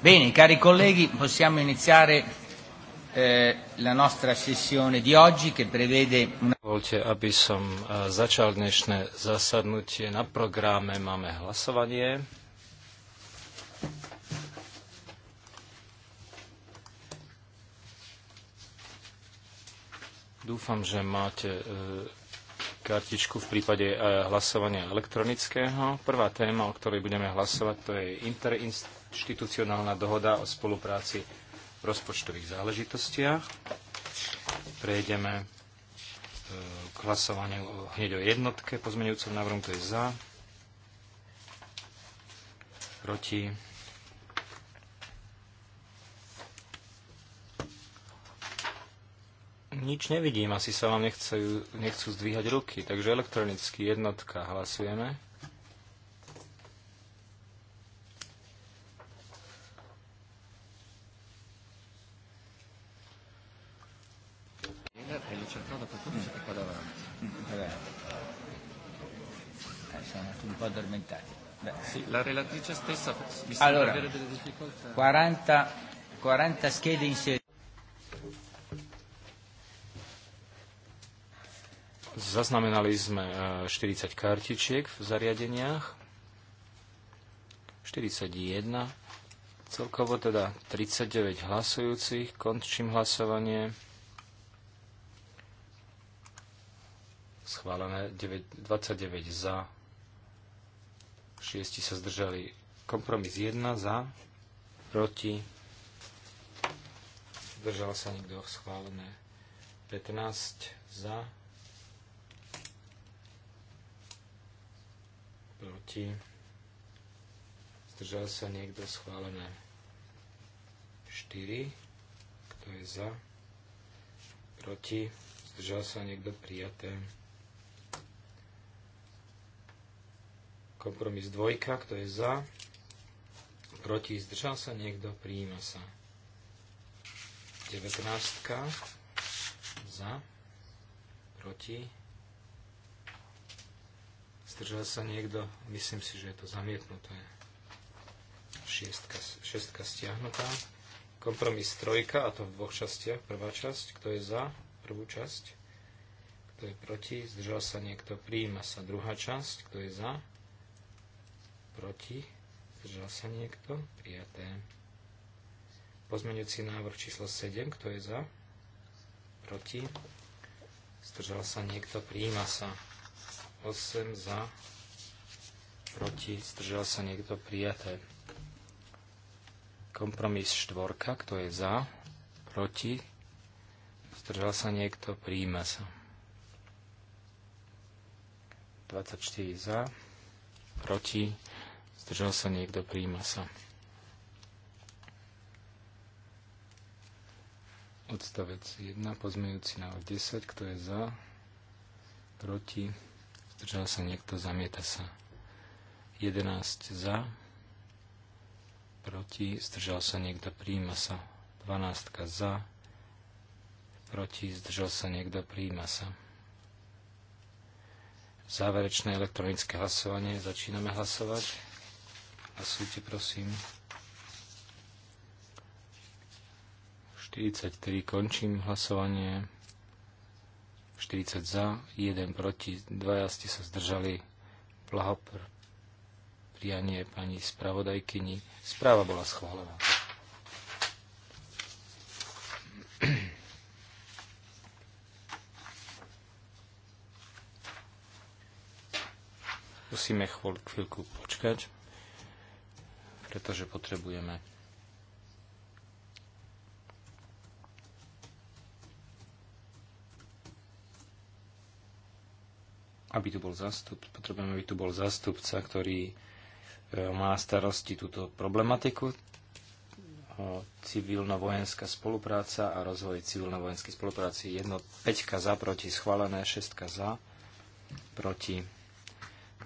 Bene, cari colleghi, possiamo iniziare eh, la nostra sessione di oggi che prevede una... Volte, aby som eh, začal dnešné zasadnutie. Na programe máme hlasovanie. Dúfam, že máte e, kartičku v prípade e, hlasovania elektronického. Prvá téma, o ktorej budeme hlasovať, to je interinstitucionálne inštitucionálna dohoda o spolupráci v rozpočtových záležitostiach. Prejdeme e, k hlasovaniu hneď o jednotke pozmeňujúcom návrhom, kto je za, proti, Nič nevidím, asi sa vám nechcú, nechcú zdvíhať ruky, takže elektronicky jednotka hlasujeme. Sì, la relatrice stessa mi sembra allora, avere delle difficoltà. 40, 40 schede inserite. Zaznamenali sme 40 eh, kartičiek v zariadeniach. 41. Celkovo teda 39 hlasujúcich. Končím hlasovanie. Schválené 29 za, 6 sa zdržali. Kompromis 1 za, proti, zdržal sa nikto schválené. 15 za, proti, zdržal sa niekto schválené. 4, kto je za, proti, zdržal sa niekto prijaté. Kompromis dvojka, kto je za, proti, zdržal sa niekto, prijíma sa. 19 za, proti, zdržal sa niekto, myslím si, že je to zamietnuté. 6, 6 stiahnutá. Kompromis trojka, a to v dvoch častiach. Prvá časť, kto je za, prvú časť, kto je proti, zdržal sa niekto, prijíma sa druhá časť, kto je za, proti, zdržal sa niekto, prijaté. Pozmeňujúci návrh číslo 7, kto je za, proti, zdržal sa niekto, prijíma sa. 8 za, proti, zdržal sa niekto, prijaté. Kompromis 4, kto je za, proti, zdržal sa niekto, prijíma sa. 24 za, proti, Zdržal sa niekto, príjma sa. Odstavec 1, pozmejúci návrh 10, kto je za, proti, zdržal sa niekto, zamieta sa. 11 za, proti, zdržal sa niekto, príjma sa. 12 za, proti, zdržal sa niekto, príjma sa. Záverečné elektronické hlasovanie. Začíname hlasovať. A svite prosím. 43 končím hlasovanie. 40 za, 1 proti, 2 ste sa zdržali. Blahopr prianie pani spravodajkyni. Správa bola schválená. Musíme chvíľku počkať pretože potrebujeme aby tu bol zastup, potrebujeme, aby tu bol zastupca, ktorý e, má starosti túto problematiku e, civilno-vojenská spolupráca a rozvoj civilno-vojenskej spolupráci. Jedno, 5 za, proti, schválené, 6 za, proti,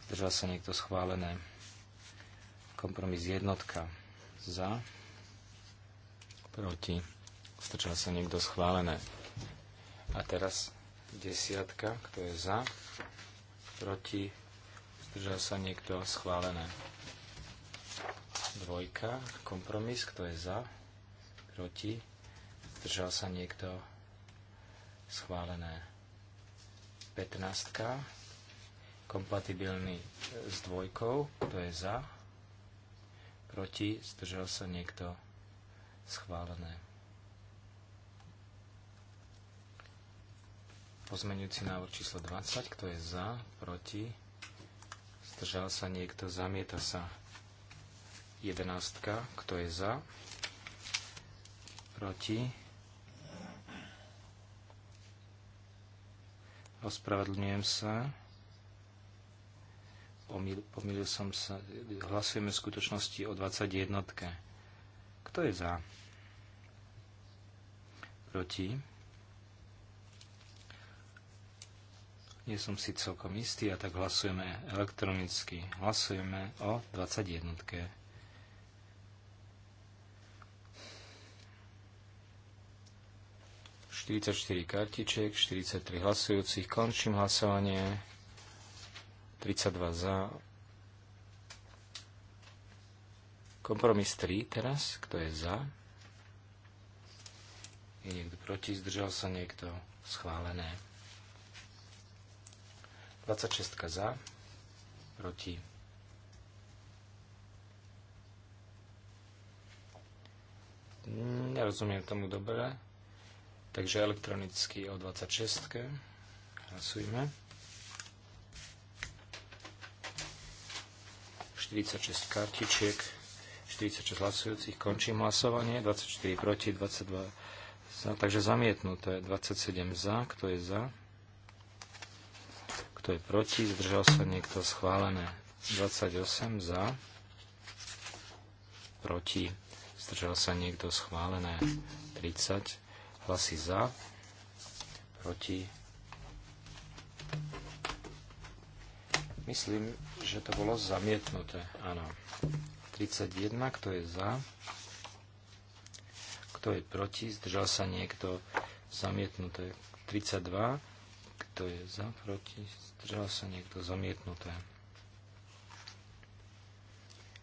zdržal sa niekto schválené. Kompromis jednotka za, proti, strčal sa niekto schválené. A teraz desiatka, kto je za, proti, strčal sa niekto schválené. Dvojka, kompromis, kto je za, proti, strčal sa niekto schválené. 15. Kompatibilný s dvojkou, kto je za, Proti? Zdržal sa niekto? Schválené. Pozmenujúci návrh číslo 20. Kto je za? Proti? Zdržal sa niekto? Zamieta sa. 11. Kto je za? Proti? Ospravedlňujem sa. Omil, pomýlil som sa. Hlasujeme v skutočnosti o 21. Kto je za? Proti? Nie som si celkom istý a tak hlasujeme elektronicky. Hlasujeme o 21. ...44 kartiček, 43 hlasujúcich. Končím hlasovanie. 32 za. Kompromis 3 teraz, kto je za? Je niekto proti, zdržal sa niekto, schválené. 26 za, proti. Nerozumiem tomu dobre. Takže elektronicky o 26. Hlasujme. 46 kartičiek, 46 hlasujúcich, končím hlasovanie, 24 proti, 22 za, takže zamietnuté, 27 za, kto je za, kto je proti, zdržal sa niekto, schválené, 28 za, proti, zdržal sa niekto, schválené, 30 hlasy za, proti, Myslím, že to bolo zamietnuté. Áno. 31, kto je za? Kto je proti? Zdržal sa niekto? Zamietnuté. 32, kto je za? Proti? Zdržal sa niekto? Zamietnuté.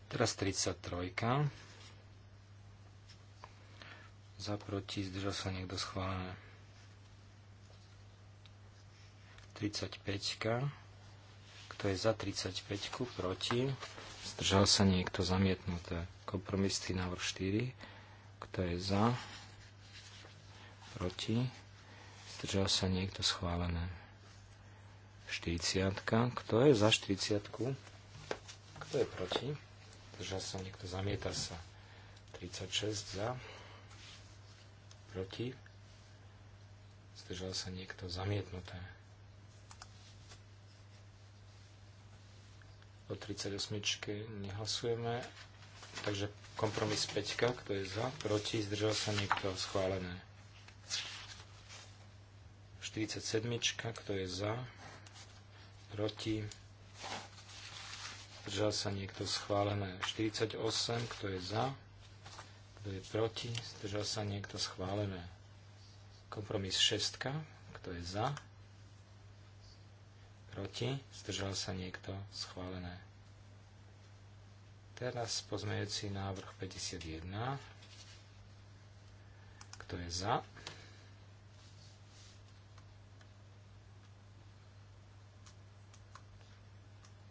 Teraz 33. Za proti? Zdržal sa niekto? Schválené. 35. Kto je za 35, proti? Zdržal sa niekto zamietnuté. Kompromisný návrh 4. Kto je za? Proti? Zdržal sa niekto schválené. 40. Kto je za 40? Kto je proti? Zdržal sa niekto, zamieta sa. 36 za. Proti? Zdržal sa niekto, zamietnuté. O 38. nehlasujeme. Takže kompromis 5, kto je za, proti, zdržal sa niekto, schválené. 47, kto je za, proti, zdržal sa niekto, schválené. 48, kto je za, kto je proti, zdržal sa niekto, schválené. Kompromis 6, kto je za, Proti? Zdržal sa niekto? Schválené. Teraz pozmejúci návrh 51. Kto je za?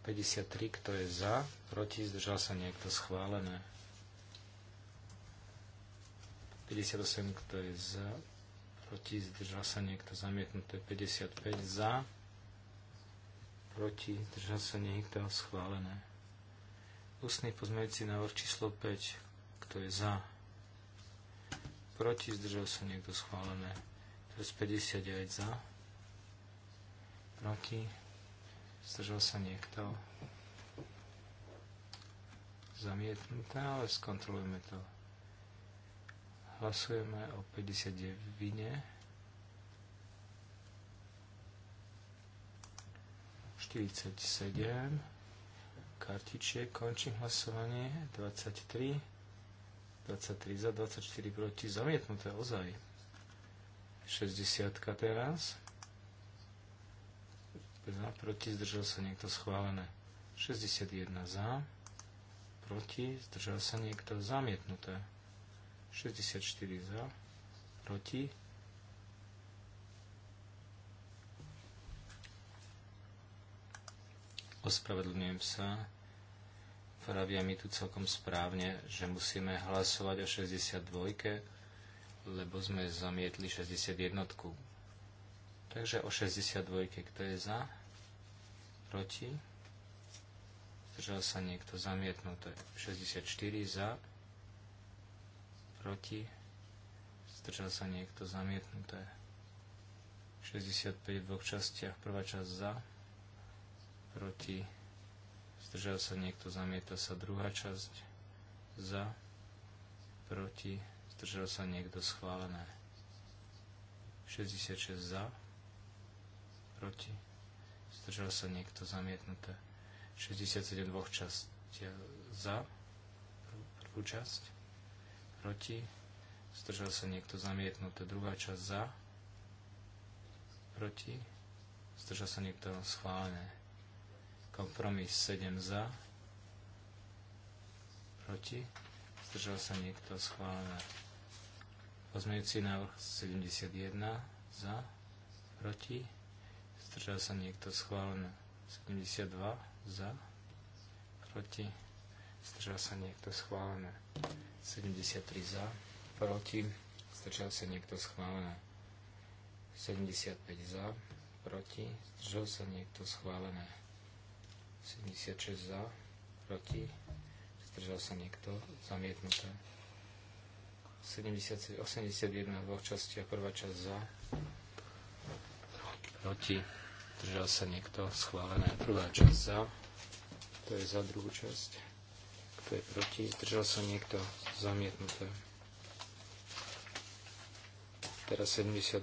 kto je za, proti, zdržal sa niekto schválené. 58, kto je za, proti, zdržal sa niekto zamietnuté. 55 za, proti, zdržal sa niekto, schválené. Ústny pozmeňujúci návrh číslo 5, kto je za, proti, zdržal sa niekto, schválené. Teraz 59 za, proti, zdržal sa niekto, zamietnuté, ale skontrolujeme to. Hlasujeme o 59 vine. 47 kartičiek, končím hlasovanie 23 23 za, 24 proti, zamietnuté ozaj 60 teraz za, proti, zdržal sa niekto schválené 61 za proti, zdržal sa niekto zamietnuté 64 za, proti ospravedlňujem sa. Pravia mi tu celkom správne, že musíme hlasovať o 62, lebo sme zamietli 61. Takže o 62, kto je za? Proti? Zdržal sa niekto zamietnuté. 64 za? Proti? Zdržal sa niekto zamietnuté. 65 v dvoch častiach. Prvá časť za? proti, zdržal sa niekto, zamieta sa druhá časť, za, proti, zdržal sa niekto, schválené. 66 za, proti, zdržal sa niekto, zamietnuté. 67 dvoch časť za, prvú časť, proti, zdržal sa niekto, zamietnuté, druhá časť za, proti, zdržal sa niekto, schválené. Kompromis 7 za. Proti. Zdržal sa niekto schválené. Pozmeňujúci návrh 71 za. Proti. Zdržal sa niekto schválené. 72 za. Proti. Zdržal sa niekto schválené. 73 za. Proti. Zdržal sa niekto schválené. 75 za. Proti. Zdržal sa niekto schválené. 76 za, proti, zdržal sa niekto, zamietnuté. 70, 81 v dvoch a prvá časť za, proti, zdržal sa niekto, schválené, prvá časť za, to je za druhú časť, kto je proti, zdržal sa niekto, zamietnuté. Teraz 78.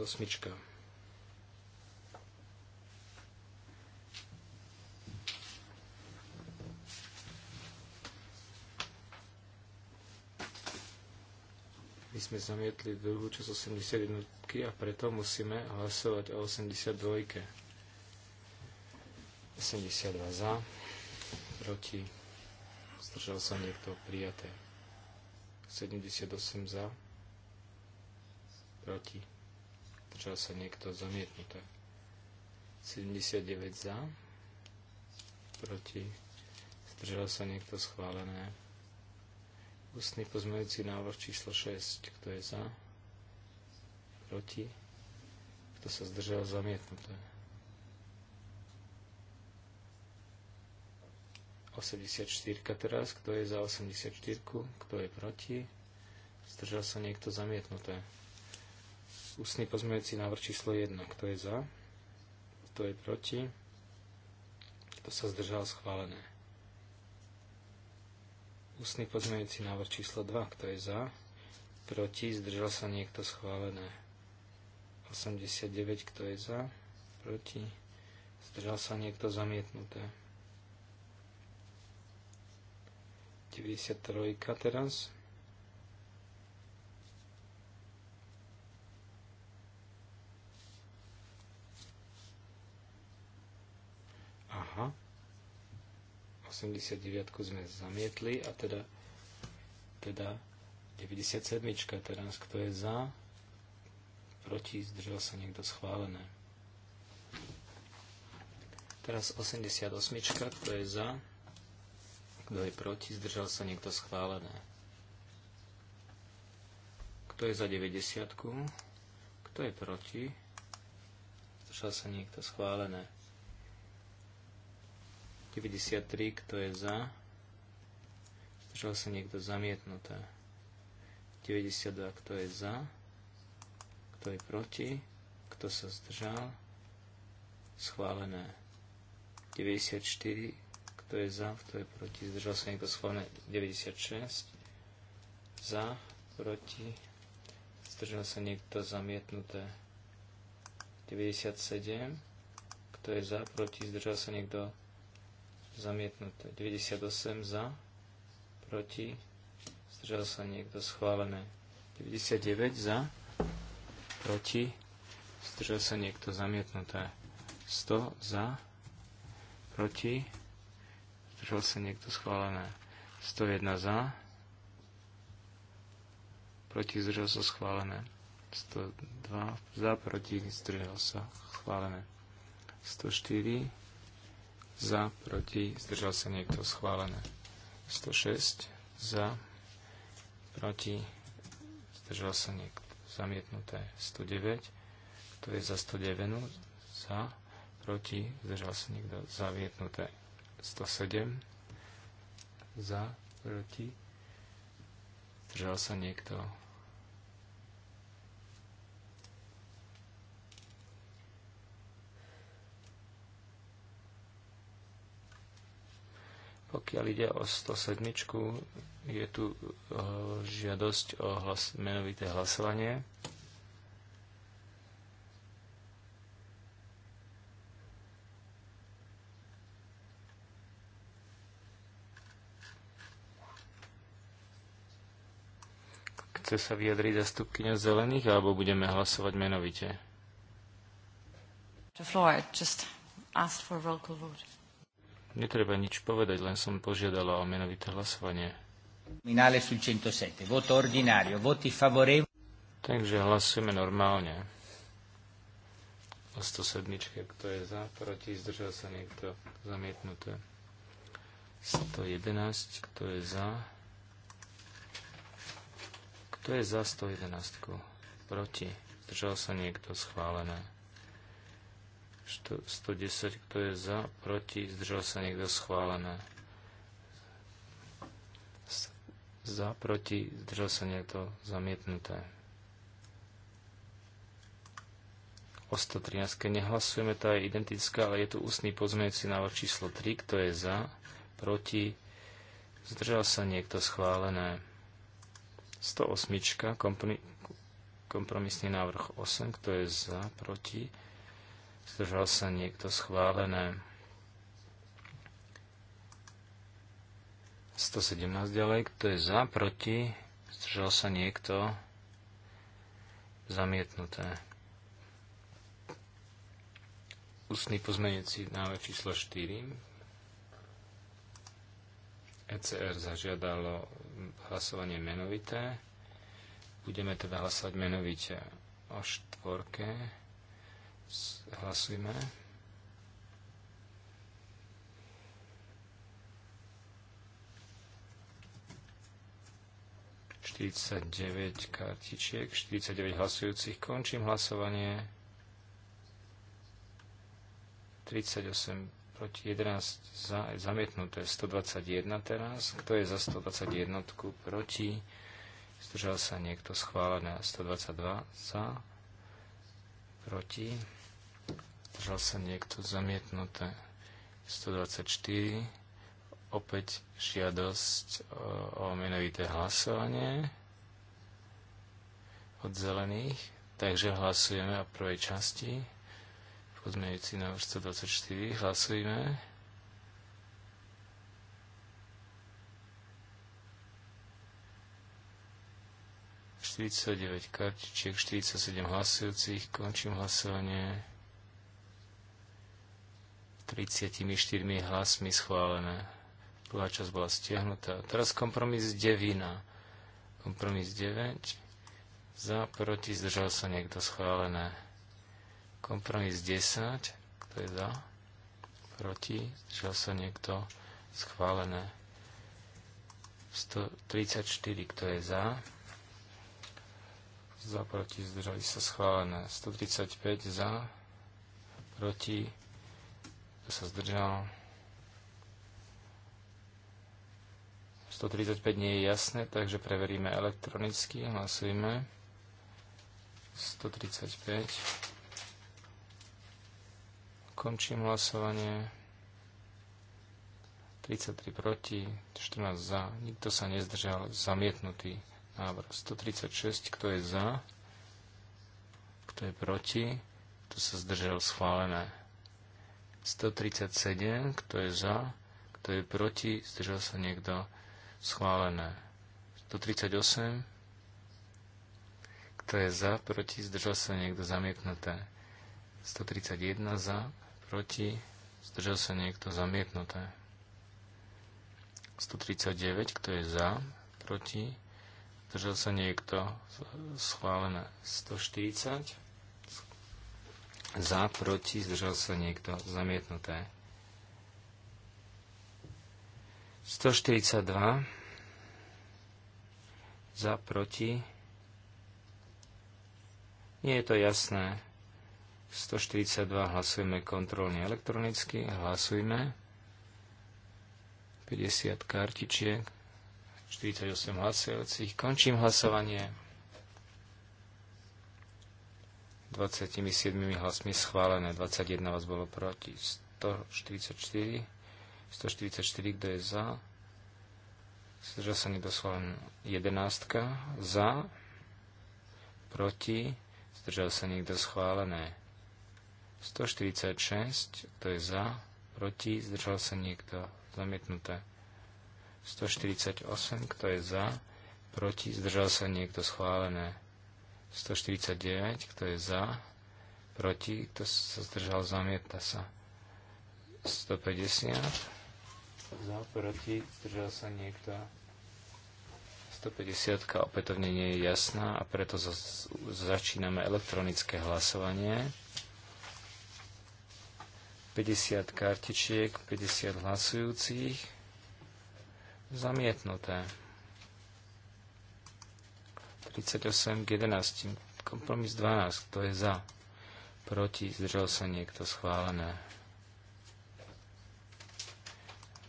My sme zamietli druhú časť 81 a preto musíme hlasovať o 82. 82 za, proti, zdržal sa niekto, prijaté. 78 za, proti, zdržal sa niekto, zamietnuté. 79 za, proti, zdržal sa niekto, schválené. Ústny pozmeňujúci návrh číslo 6. Kto je za? Proti? Kto sa zdržal? Zamietnuté. 84 teraz. Kto je za 84? Kto je proti? Zdržal sa niekto? Zamietnuté. Ústny pozmeňujúci návrh číslo 1. Kto je za? Kto je proti? Kto sa zdržal? Schválené. Ústny pozmeňujúci návrh číslo 2. Kto je za? Proti? Zdržal sa niekto schválené. 89. Kto je za? Proti? Zdržal sa niekto zamietnuté. 93. teraz. Aha. 89 sme zamietli a teda, teda 97 teraz, kto je za, proti, zdržal sa niekto schválené. Teraz 88, kto je za, kto je proti, zdržal sa niekto schválené. Kto je za 90? -ku? Kto je proti? Zdržal sa niekto schválené. 93, kto je za? Zdržal sa niekto zamietnuté. 92, kto je za? Kto je proti? Kto sa zdržal? Schválené. 94, kto je za? Kto je proti? Zdržal sa niekto schválené. 96, za? Proti? Zdržal sa niekto zamietnuté. 97, kto je za? Proti? Zdržal sa niekto zamietnuté. 98 za, proti, zdržal sa niekto, schválené. 99 za, proti, zdržal sa niekto, zamietnuté. 100 za, proti, zdržal sa niekto, schválené. 101 za, proti, zdržal sa, schválené. 102 za, proti, zdržal sa, schválené. 104 za, proti, zdržal sa niekto schválené. 106 za, proti, zdržal sa niekto zamietnuté. 109, to je za 109, za, proti, zdržal sa niekto zamietnuté. 107 za, proti, zdržal sa niekto Pokiaľ ide o 107, je tu e, žiadosť o hlas, menovité hlasovanie. Chce sa vyjadriť zastupkynia zelených, alebo budeme hlasovať menovite? The floor, just asked for roll vote. Netreba nič povedať, len som požiadala o menovité hlasovanie. Nominale sul 107. Voto ordinario. Voti favorevoli. Takže hlasujeme normálne. O 107. Kto je za, proti, zdržal sa niekto. Zamietnuté. 111. Kto je za? Kto je za 111? Proti. Zdržal sa niekto. Schválené. 110, kto je za, proti, zdržal sa niekto schválené. Za, proti, zdržal sa niekto zamietnuté. O 113 nehlasujeme, tá je identická, ale je tu ústny pozmeňujúci návrh číslo 3, kto je za, proti, zdržal sa niekto schválené. 108, kompromisný návrh 8, kto je za, proti, Zdržal sa niekto schválené. 117 ďalej, kto je za, proti, zdržal sa niekto, zamietnuté. Ústny pozmenujúci návrh číslo 4. ECR zažiadalo hlasovanie menovité. Budeme teda hlasovať menovite o štvorke. Hlasujme. ...49 kartičiek, 49 hlasujúcich. Končím hlasovanie. 38 proti 11 za, zamietnuté 121 teraz. Kto je za 121 proti? Zdržal sa niekto schválené 122 za proti, zdržal sa niekto zamietnuté 124, opäť žiadosť o, e, o menovité hlasovanie od zelených, takže hlasujeme o prvej časti, pozmejúci návrh 124, hlasujeme. 49 kartičiek, 47 hlasujúcich. Končím hlasovanie. 34 hlasmi schválené. Prvá časť bola stiahnutá. Teraz kompromis 9. Kompromis 9. Za, proti, zdržal sa niekto schválené. Kompromis 10. Kto je za? Proti, zdržal sa niekto schválené. 134, kto je za? za, proti, zdržali sa schválené. 135 za, proti, kto sa zdržal. 135 nie je jasné, takže preveríme elektronicky, Hlasujeme. 135. Končím hlasovanie. 33 proti, 14 za, nikto sa nezdržal, zamietnutý. Návrh 136, kto je za, kto je proti, kto sa zdržal schválené. 137, kto je za, kto je proti, zdržal sa niekto schválené. 138, kto je za, proti, zdržal sa niekto zamietnuté. 131 za, proti, zdržal sa niekto zamietnuté. 139, kto je za, proti, Zdržal sa niekto? Schválené 140. Za, proti, zdržal sa niekto? Zamietnuté. 142. Za, proti. Nie je to jasné. 142 hlasujeme kontrolne elektronicky. Hlasujme. 50 kartičiek. 48 hlasujúcich. Končím hlasovanie. 27 hlasmi schválené, 21 vás bolo proti, 144, 144, kto je za, zdržal sa nedosloven 11, za, proti, zdržal sa niekto schválené. 146, kto je za, proti, zdržal sa niekto, zamietnuté. 148, kto je za, proti, zdržal sa niekto schválené. 149, kto je za, proti, kto sa zdržal, zamieta sa. 150, za, proti, zdržal sa niekto. 150 opätovne nie je jasná a preto začíname elektronické hlasovanie. 50 kartičiek, 50 hlasujúcich. Zamietnuté. 38 k 11. Kompromis 12. Kto je za? Proti? Zdržal sa niekto? Schválené.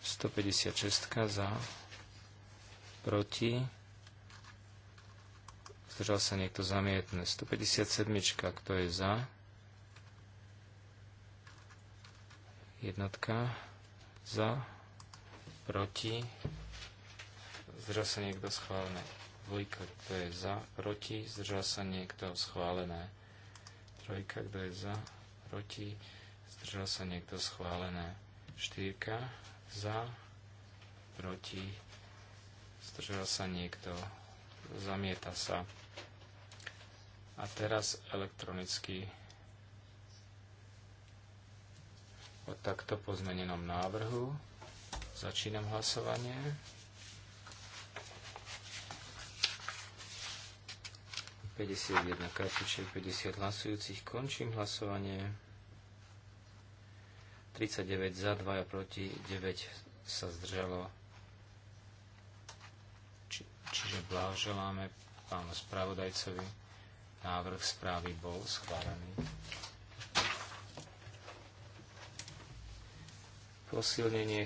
156 za. Proti? Zdržal sa niekto? Zamietne. 157. Kto je za? Jednotka. Za. Proti? zdržal sa niekto schválené. Dvojka, kto je za, proti, zdržal sa niekto schválené. Trojka, kto je za, proti, zdržal sa niekto schválené. Štyrka, za, proti, zdržal sa niekto, zamieta sa. A teraz elektronicky o takto pozmenenom návrhu. Začínam hlasovanie. 51 kartičiek, 50 hlasujúcich. Končím hlasovanie. 39 za, 2 proti, 9 sa zdržalo. Či, čiže blahoželáme pánu spravodajcovi. Návrh správy bol schválený. Posilnenie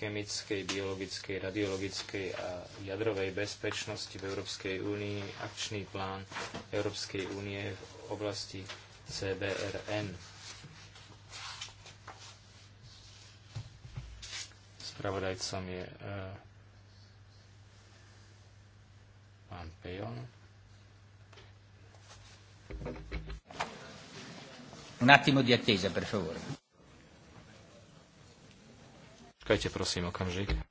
chemickej, biologickej, radiologickej a jadrovej bezpečnosti v Európskej únii, akčný plán Európskej únie v oblasti CBRN. Spravodajcom je uh, pán Pejon. Un attimo di attesa, per favore. Počkajte prosím okamžik.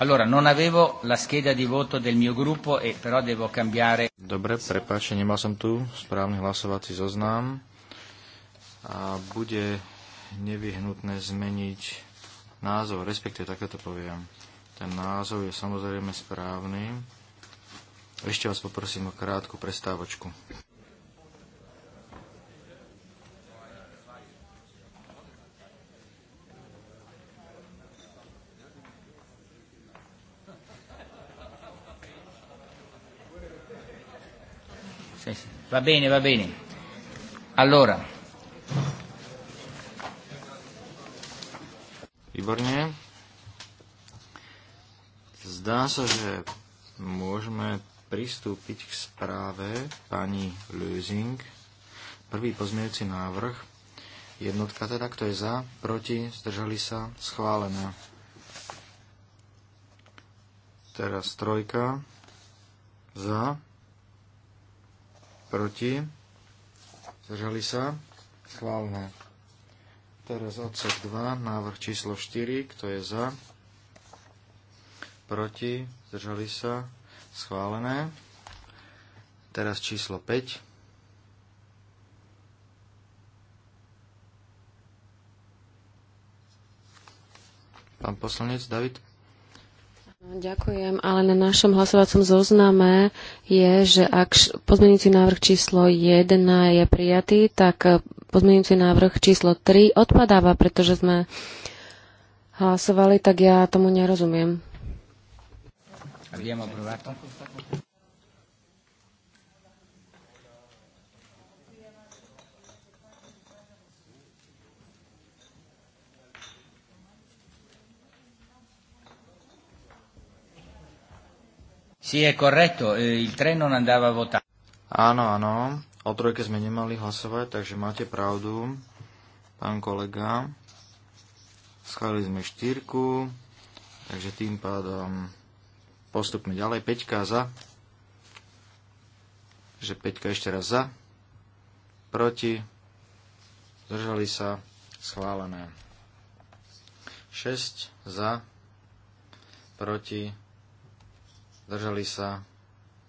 Allora, non avevo la scheda di voto del mio gruppo, e però devo cambiare. Dobre, prepáčte, nemal som tu správny hlasovací zoznam. A bude nevyhnutné zmeniť názov, respektíve takto poviem. Ten názov je samozrejme správny. Ešte vás poprosím o krátku prestávočku. sì, sì. Va bene, va bene. Allora. Výborne. Zdá sa, že môžeme pristúpiť k správe pani Lösing. Prvý pozmeňujúci návrh. Jednotka teda, kto je za, proti, zdržali sa, schválená. Teraz trojka. Za, proti, zdržali sa, schválne. Teraz odsek 2, návrh číslo 4, kto je za, proti, zdržali sa, schválené. Teraz číslo 5, Pán poslanec David Ďakujem, ale na našom hlasovacom zozname je, že ak pozmenujúci návrh číslo 1 je prijatý, tak eh, pozmenujúci návrh číslo 3 odpadáva, pretože sme hlasovali, tak ja tomu nerozumiem. Abbiamo to. Sì, è corretto, eh, il treno non andava a votare. Áno, áno, o trojke sme nemali hlasovať, takže máte pravdu, pán kolega. Schválili sme štyrku, takže tým pádom postupme ďalej. Peťka za. Takže Peťka ešte raz za. Proti. Zdržali sa. Schválené. 6 za. Proti zdržali sa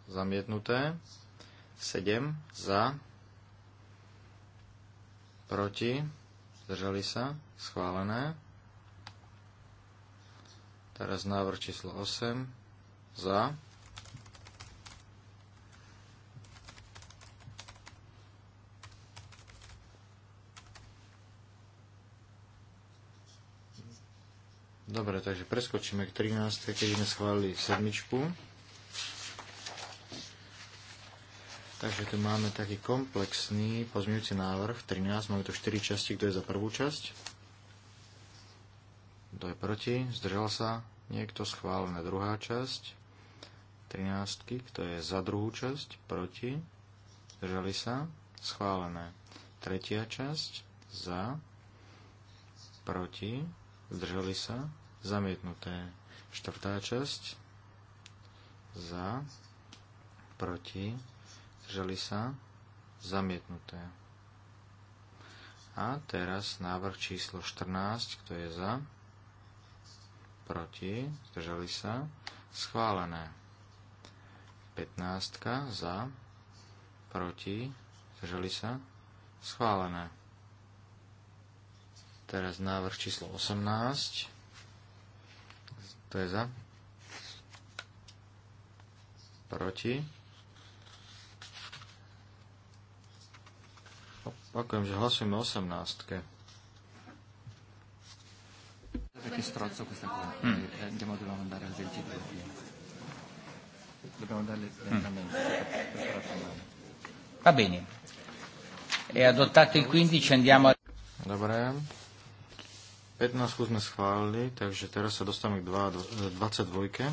zamietnuté, 7 za, proti, zdržali sa, schválené. Teraz návrh číslo 8 za. Dobre, takže preskočíme k 13, keď sme schválili sedmičku. Takže tu máme taký komplexný pozmeňujúci návrh 13. Máme tu 4 časti. Kto je za prvú časť? Kto je proti? Zdržal sa? Niekto schválené druhá časť. 13. Kto je za druhú časť? Proti? Zdržali sa? Schválené. Tretia časť. Za. Proti. Zdržali sa? Zamietnuté. Štvrtá časť. Za. Proti zdržali sa, zamietnuté. A teraz návrh číslo 14, kto je za, proti, zdržali sa, schválené. 15 za, proti, zdržali sa, schválené. Teraz návrh číslo 18, kto je za, proti, Opakujem, že hlasujeme 18. Perché strozzo questa qua. Mm. Eh, andiamo, dobbiamo andare al 22. Dobbiamo andare lentamente. Va bene. E adottato il 15, andiamo a... Dobre. 15 sme schválili, takže teraz sa dostaneme k 22.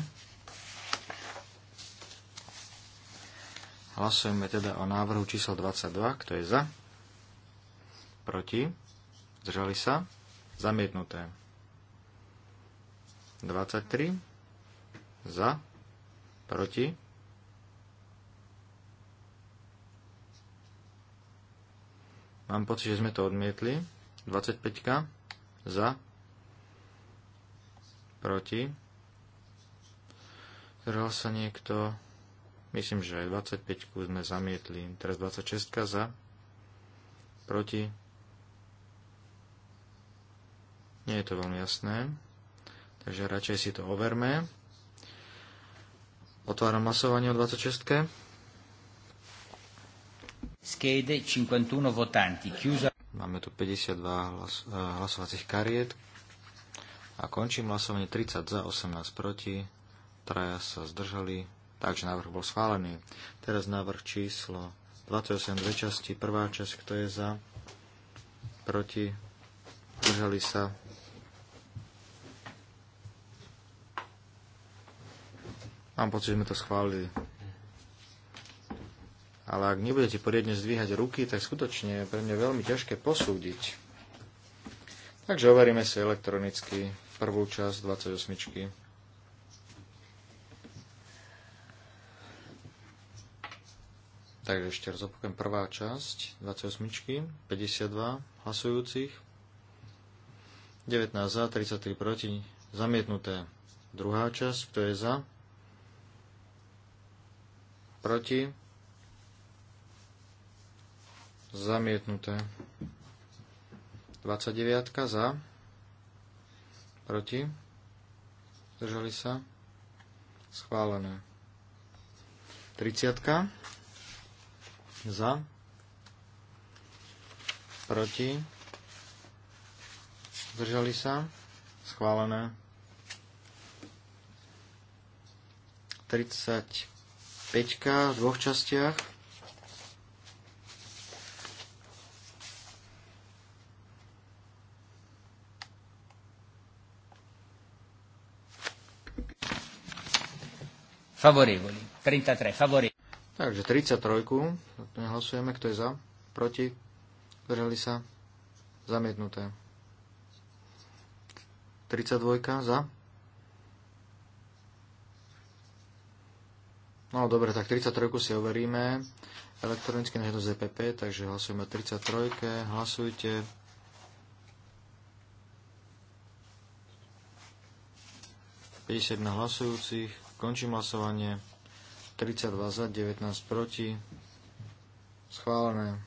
Hlasujeme teda o návrhu číslo 22. Kto je za? proti, zdržali sa, zamietnuté. 23 za, proti, Mám pocit, že sme to odmietli. 25 za, proti. Zdržal sa niekto. Myslím, že aj 25 sme zamietli. Teraz 26 za, proti nie je to veľmi jasné. Takže radšej si to overme. Otváram hlasovanie o 26. Schede 51 votanti. Chiusa. Máme tu 52 hlas, eh, hlasovacích kariet. A končím hlasovanie 30 za, 18 proti. Traja sa zdržali. Takže návrh bol schválený. Teraz návrh číslo 28, dve časti. Prvá časť, kto je za, proti, zdržali sa, Mám pocit, že sme to schválili. Ale ak nebudete poriadne zdvíhať ruky, tak skutočne je pre mňa veľmi ťažké posúdiť. Takže overíme si elektronicky prvú časť 28. Takže ešte raz opakujem prvá časť 28. 52 hlasujúcich. 19 za, 33 proti. Zamietnuté. Druhá časť, kto je za? proti, zamietnuté. 29 za, proti, zdržali sa, schválené. 30 za, proti, zdržali sa, schválené. 30. 5 v dvoch častiach. Favorevoli. 33. Favorevoli. Takže 33. Hlasujeme, kto je za, proti, zdržali sa, zamietnuté. 32. za, No dobre, tak 33 si overíme. Elektronicky na ZPP, e takže hlasujeme 33. Hlasujte. na hlasujúcich. Končím hlasovanie. 32 za, 19 proti. Schválené.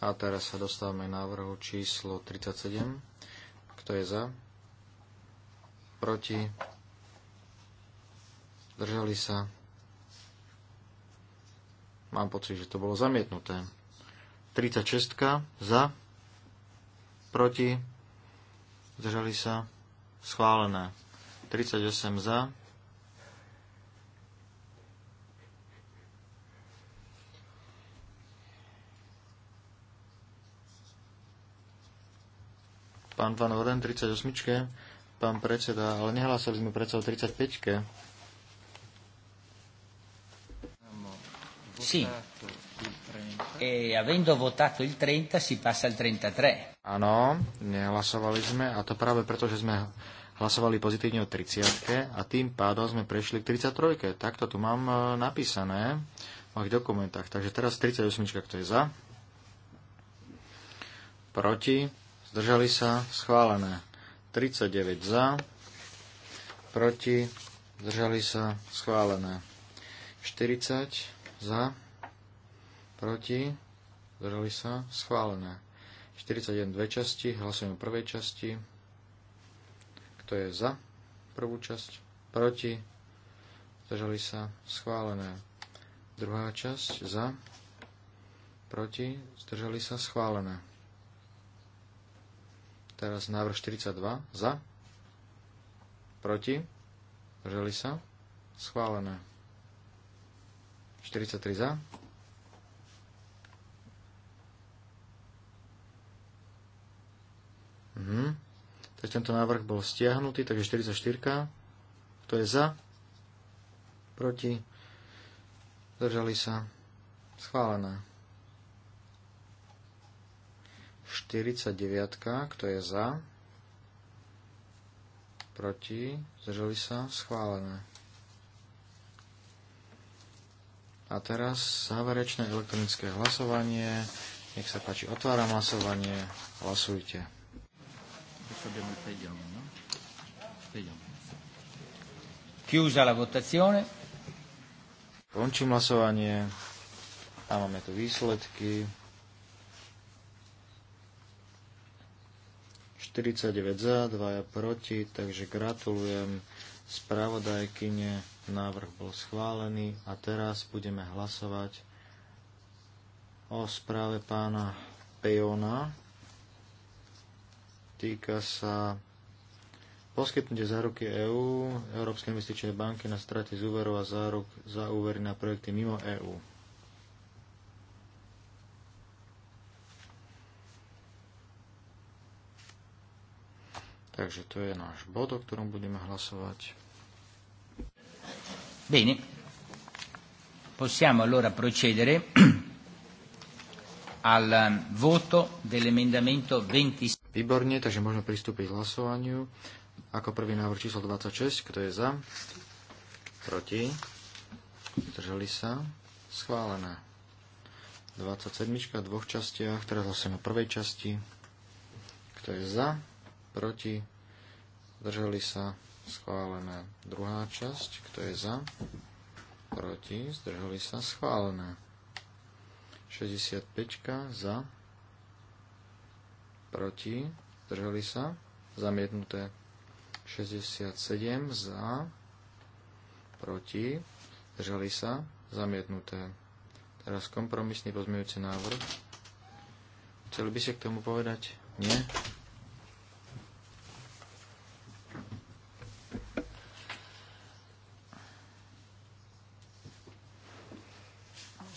A teraz sa dostávame k návrhu číslo 37. Kto je za? proti, zdržali sa. Mám pocit, že to bolo zamietnuté. 36 za, proti, zdržali sa, schválené. 38 za, pán Van Orden, 38 pán predseda, ale nehlásili sme predsa o 35-ke. Sì, e avendo votato il 30 si passa al 33. Áno, nehlasovali sme a to práve preto, že sme hlasovali pozitívne o 30 a tým pádom sme prešli k 33. Tak to tu mám e, napísané v mojich dokumentách. Takže teraz 38, kto je za? Proti? Zdržali sa? Schválené. 39 za, proti, zdržali sa, schválené. 40 za, proti, zdržali sa, schválené. 41 dve časti, hlasujeme o prvej časti. Kto je za prvú časť? Proti, zdržali sa, schválené. Druhá časť za, proti, zdržali sa, schválené. Teraz návrh 42 za, proti, zdržali sa, schválené. 43 za, Mhm. Takže tento návrh bol stiahnutý, takže 44. Kto je za? Proti? Zdržali sa? Schválené. 49, kto je za, proti, zdržali sa, schválené. A teraz záverečné elektronické hlasovanie. Nech sa páči, otváram hlasovanie, hlasujte. Chiusa la votazione. Končím hlasovanie a máme tu výsledky. 49 za, 2 proti, takže gratulujem spravodajkyne, návrh bol schválený a teraz budeme hlasovať o správe pána Pejona. Týka sa Poskytnutie záruky EÚ Európskej investičnej banky na straty z úverov a záruk za úvery na projekty mimo EÚ. Takže to je náš bod, o ktorom budeme hlasovať. Bene. Possiamo allora procedere al ehm, voto dell'emendamento 26. Výborne, takže môžeme pristúpiť k hlasovaniu. Ako prvý návrh číslo 26, kto je za? Proti? Zdržali sa? Schválené. 27 v dvoch častiach, teraz hlasujeme o prvej časti. Kto je za? proti, zdržali sa, schválené. Druhá časť, kto je za, proti, zdržali sa, schválené. 65 za, proti, zdržali sa, zamietnuté. 67 za, proti, zdržali sa, zamietnuté. Teraz kompromisný pozmeňujúci návrh. Chceli by ste k tomu povedať? Nie?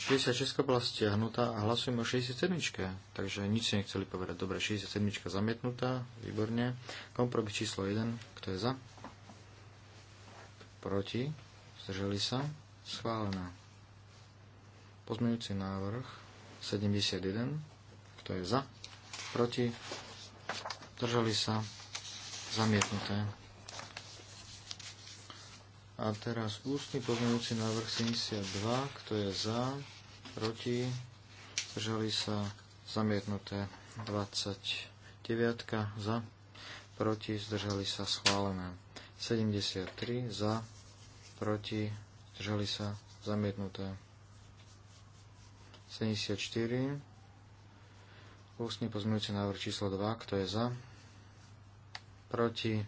66 bola stiahnutá a hlasujeme o 67. Takže nič si nechceli povedať. Dobre, 67 zamietnutá, výborne. Kompromis číslo 1, kto je za? Proti? Zdrželi sa? Schválená. Pozmeňujúci návrh 71, kto je za? Proti? Zdrželi sa? Zamietnuté. A teraz ústny pozmeňujúci návrh 72, kto je za, proti, zdržali sa zamietnuté 29 za, proti, zdržali sa schválené 73 za, proti, zdržali sa zamietnuté 74 Ústne pozmeňujúci návrh číslo 2, kto je za, proti,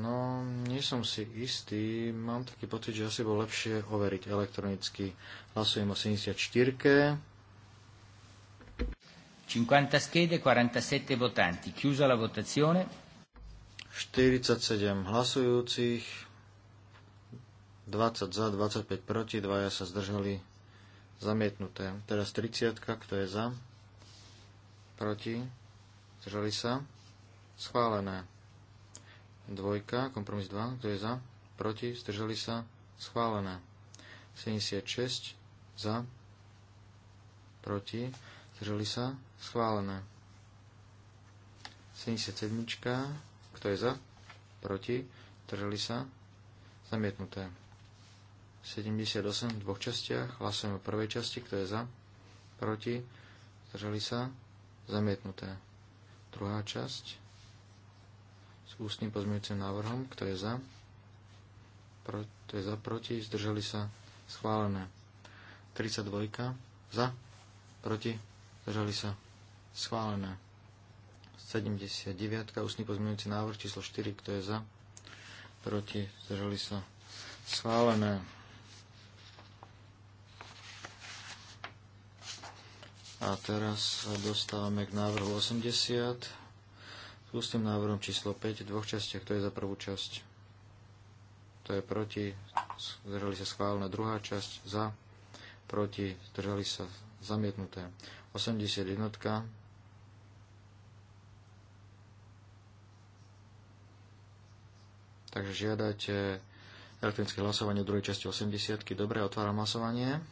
No, nie som si istý. Mám taký pocit, že asi bolo lepšie overiť elektronicky. Hlasujem o 74. 50 schede, 47 votanti. Chiusa la votazione. 47 hlasujúcich, 20 za, 25 proti, dvaja sa zdržali zamietnuté. Teraz 30, kto je za? Proti? Zdržali sa? Schválené. Dvojka, kompromis 2, kto je za? Proti, zdržali sa, schválené. 76 za, proti, zdržali sa, schválené. 77, kto je za? Proti, zdržali sa, zamietnuté. 78 v dvoch častiach, hlasujeme o prvej časti, kto je za? Proti, zdržali sa, zamietnuté. Druhá časť, s ústnym pozmeňujúcim návrhom. Kto je za? Pro, kto je za? Proti? Zdržali sa? Schválené. 32. Za? Proti? Zdržali sa? Schválené. 79. Ústny pozmeňujúci návrh číslo 4. Kto je za? Proti? Zdržali sa? Schválené. A teraz sa dostávame k návrhu 80 s ústnym návrhom číslo 5 v dvoch častiach. To je za prvú časť. To je proti. Zdržali sa schválené. Druhá časť za. Proti. Zdržali sa zamietnuté. 81. Takže žiadate elektronické hlasovanie v druhej časti 80. Dobre, otváram hlasovanie.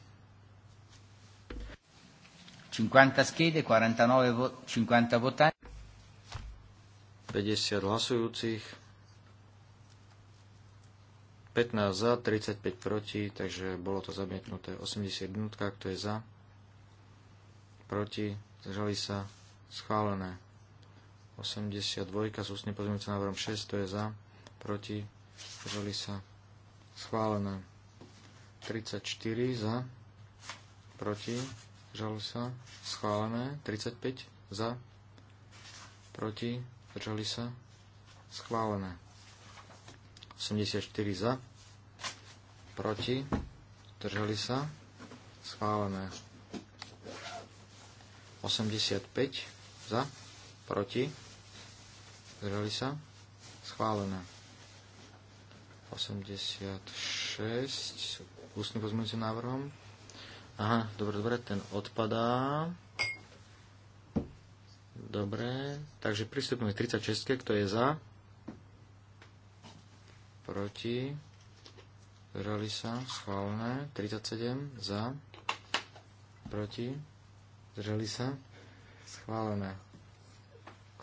50 schede, 49 50 votanti. 50 hlasujúcich, 15 za, 35 proti, takže bolo to zamietnuté minútka, kto je za, proti, zdržali sa, schválené 82 s ústnym pozmeňujúcim návrhom 6, to je za, proti, zdržali sa, schválené 34 za, proti, zdržali sa, schválené 35 za, proti, Zdržali sa? Schválené. 84 za. Proti. Zdržali sa? Schválené. 85 za. Proti. Zdržali sa? Schválené. 86 ústnym pozmeňujúcim návrhom. Aha, dobre, dobre, ten odpadá. Dobre, takže pristupujeme k 36, kto je za? Proti. Zdržali sa, schválené. 37, za. Proti. Zdržali sa, schválené.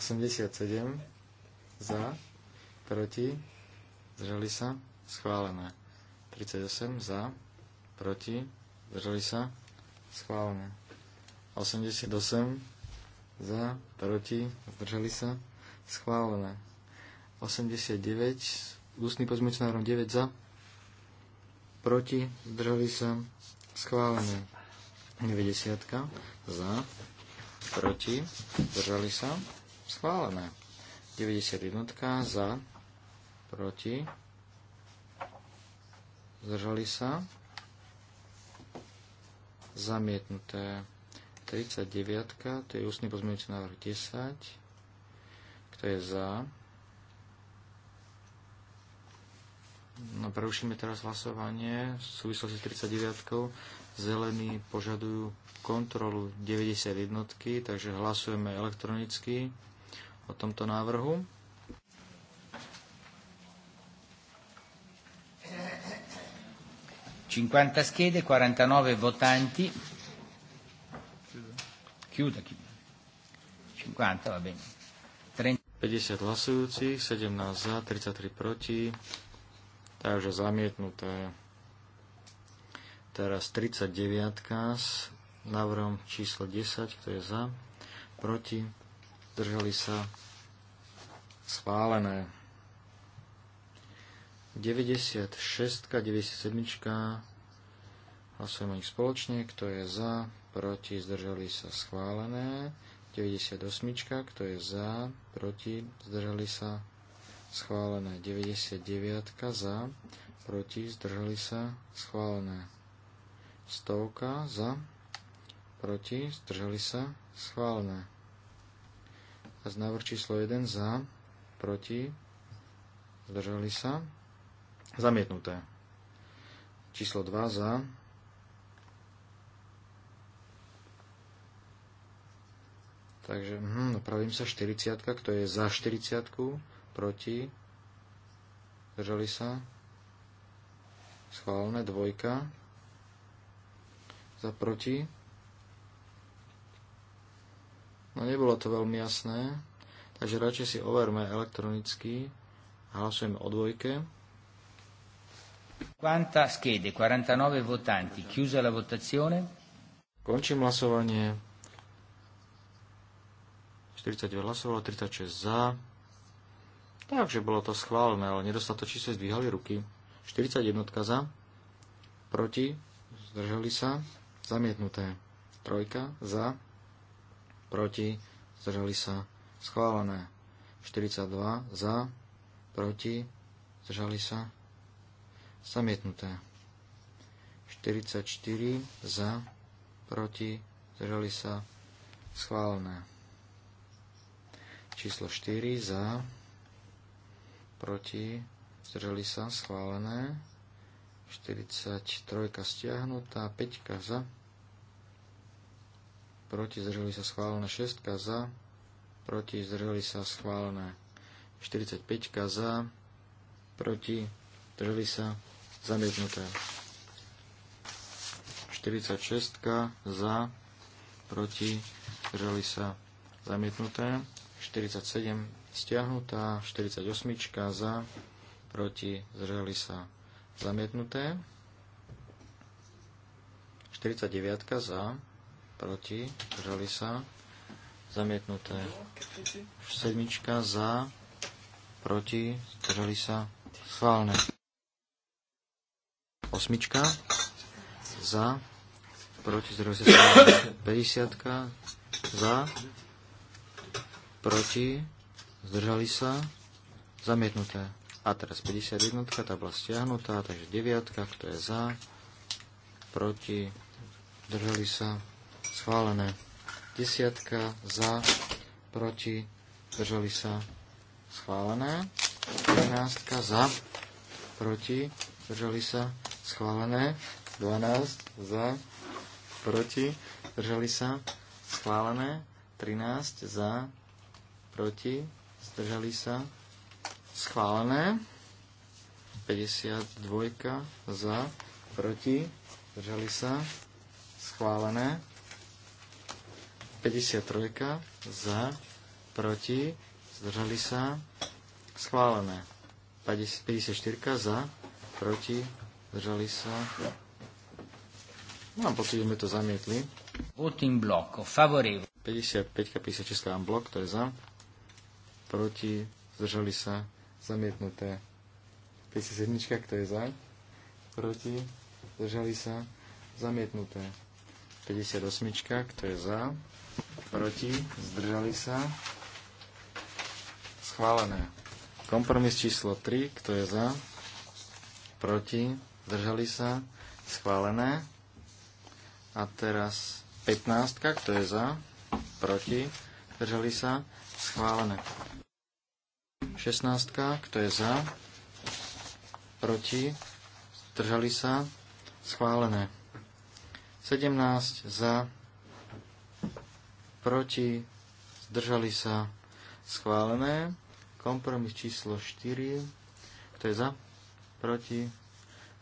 87, za. Proti. Zdržali sa, schválené. 38, za. Proti. Zdržali sa, schválené. 88, za, proti, zdržali sa, schválené. 89, ústny pozmeňujúci návrh 9 za, proti, zdržali sa, schválené. 90 za, proti, zdržali sa, schválené. 91 za, proti, zdržali sa, zamietnuté. 39, to je ústny pozmeňujúci návrh 10. Kto je za? No, prerušíme teraz hlasovanie v súvislosti s 39. Zelení požadujú kontrolu 91, takže hlasujeme elektronicky o tomto návrhu. schede, 49 votanti chiuda 50 va bene 50 hlasujúcich 17 za 33 proti takže zamietnuté teraz 39 s návrhom číslo 10 kto je za proti držali sa schválené 96 97 hlasujeme ich spoločne kto je za proti, zdržali sa schválené. 98, kto je za, proti, zdržali sa schválené. 99 za, proti, zdržali sa schválené. 100, za, proti, zdržali sa schválené. A z návrh číslo 1 za, proti, zdržali sa zamietnuté. Číslo 2 za, Takže hm, opravím sa 40, kto je za 40, proti, zdržali sa, Schválne dvojka, za proti. No nebolo to veľmi jasné, takže radšej si overme elektronicky hlasujeme o dvojke. Quanta schede, 49 votanti, chiusa la votazione. Končím hlasovanie. 49 hlasovalo, 36 za. Takže bolo to schválené, ale nedostatočne zdvíhali ruky. 41 za, proti, zdržali sa, zamietnuté. Trojka za, proti, zdržali sa, schválené. 42 za, proti, zdržali sa, zamietnuté. 44 za, proti, zdržali sa, schválené. Číslo 4 za, proti, zdržali sa, schválené. 43 stiahnutá, 5 za, proti, zdržali sa, schválené. 6 za, proti, zdržali sa, schválené. 45 za, proti, zdržali sa, zamietnuté. 46 za, proti, zdržali sa, zamietnuté. 47 stiahnutá, 48 za, proti, zdržali sa zamietnuté, 49 za, proti, zdržali sa zamietnuté, 7 za, proti, zdržali sa schválne. Osmička za, proti zdržali sa 50 za, proti, zdržali sa, zamietnuté. A teraz 51, tá bola stiahnutá, takže 9, kto je za, proti, zdržali sa, schválené. 10 za, proti, zdržali sa, schválené. 11 za, proti, zdržali sa, schválené. 12 za, proti, zdržali sa, schválené. 13 za, proti, zdržali sa, schválené. 52 za, proti, zdržali sa, schválené. 53 za, proti, zdržali sa, schválené. 54 za, proti, zdržali sa. Mám pocit, že sme to zamietli. Voting blok, favorevole. 55 56 blok, to je za, proti, zdržali sa, zamietnuté. 57, kto je za, proti, zdržali sa, zamietnuté. 58, kto je za, proti, zdržali sa, schválené. Kompromis číslo 3, kto je za, proti, zdržali sa, schválené. A teraz 15, kto je za, proti, zdržali sa, schválené. 16. Kto je za? Proti? Zdržali sa? Schválené. 17. Za? Proti? Zdržali sa? Schválené. Kompromis číslo 4. Kto je za? Proti?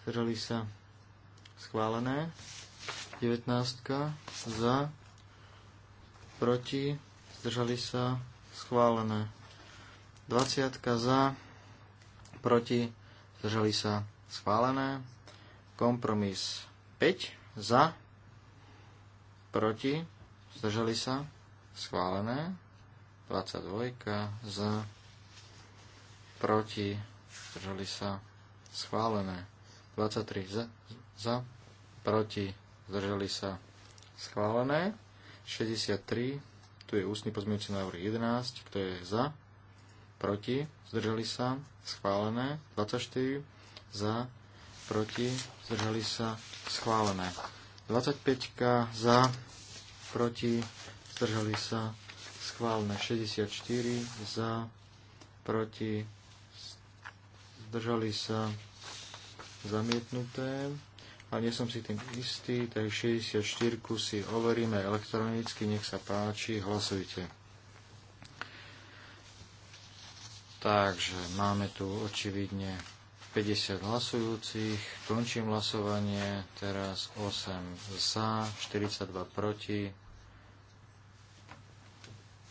Zdržali sa? Schválené. 19. Za? Proti? Zdržali sa? Schválené. 20 za, proti, zdržali sa schválené. Kompromis 5 za, proti, zdržali sa schválené. 22 za, proti, zdržali sa schválené. 23 za, za proti, zdržali sa schválené. 63, tu je ústny pozmeňujúci návrh 11, kto je za, proti, zdržali sa, schválené. 24 za, proti, zdržali sa, schválené. 25 za, proti, zdržali sa, schválené. 64 za, proti, zdržali sa, zamietnuté. A nie som si tým istý, takže 64 si overíme elektronicky, nech sa páči, hlasujte. Takže máme tu očividne 50 hlasujúcich. Končím hlasovanie. Teraz 8 za, 42 proti.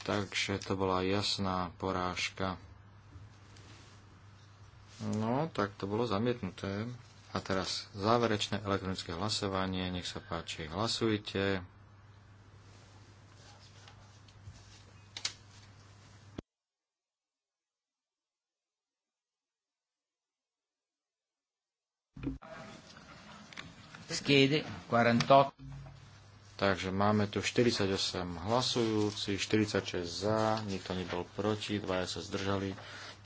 Takže to bola jasná porážka. No, tak to bolo zamietnuté. A teraz záverečné elektronické hlasovanie. Nech sa páči, hlasujte. schede, 48. Takže máme tu 48 hlasujúcich, 46 za, nikto nebol proti, dvaja sa zdržali.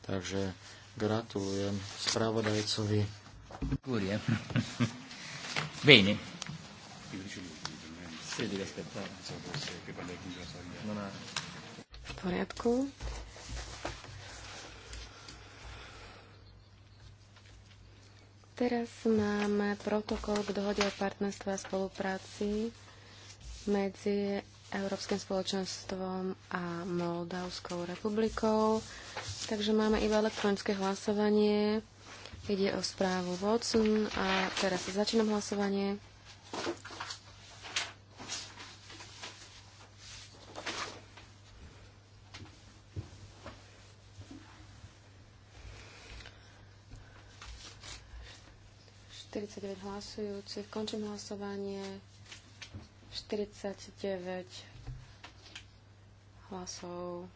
Takže gratulujem spravodajcovi. Curie. Bene. V poriadku. Teraz máme protokol k dohode o partnerstve a spolupráci medzi Európskym spoločenstvom a Moldavskou republikou. Takže máme iba elektronické hlasovanie. Ide o správu Watson a teraz začínam hlasovanie. 49 hlasujúcich. Končím hlasovanie. 49 hlasov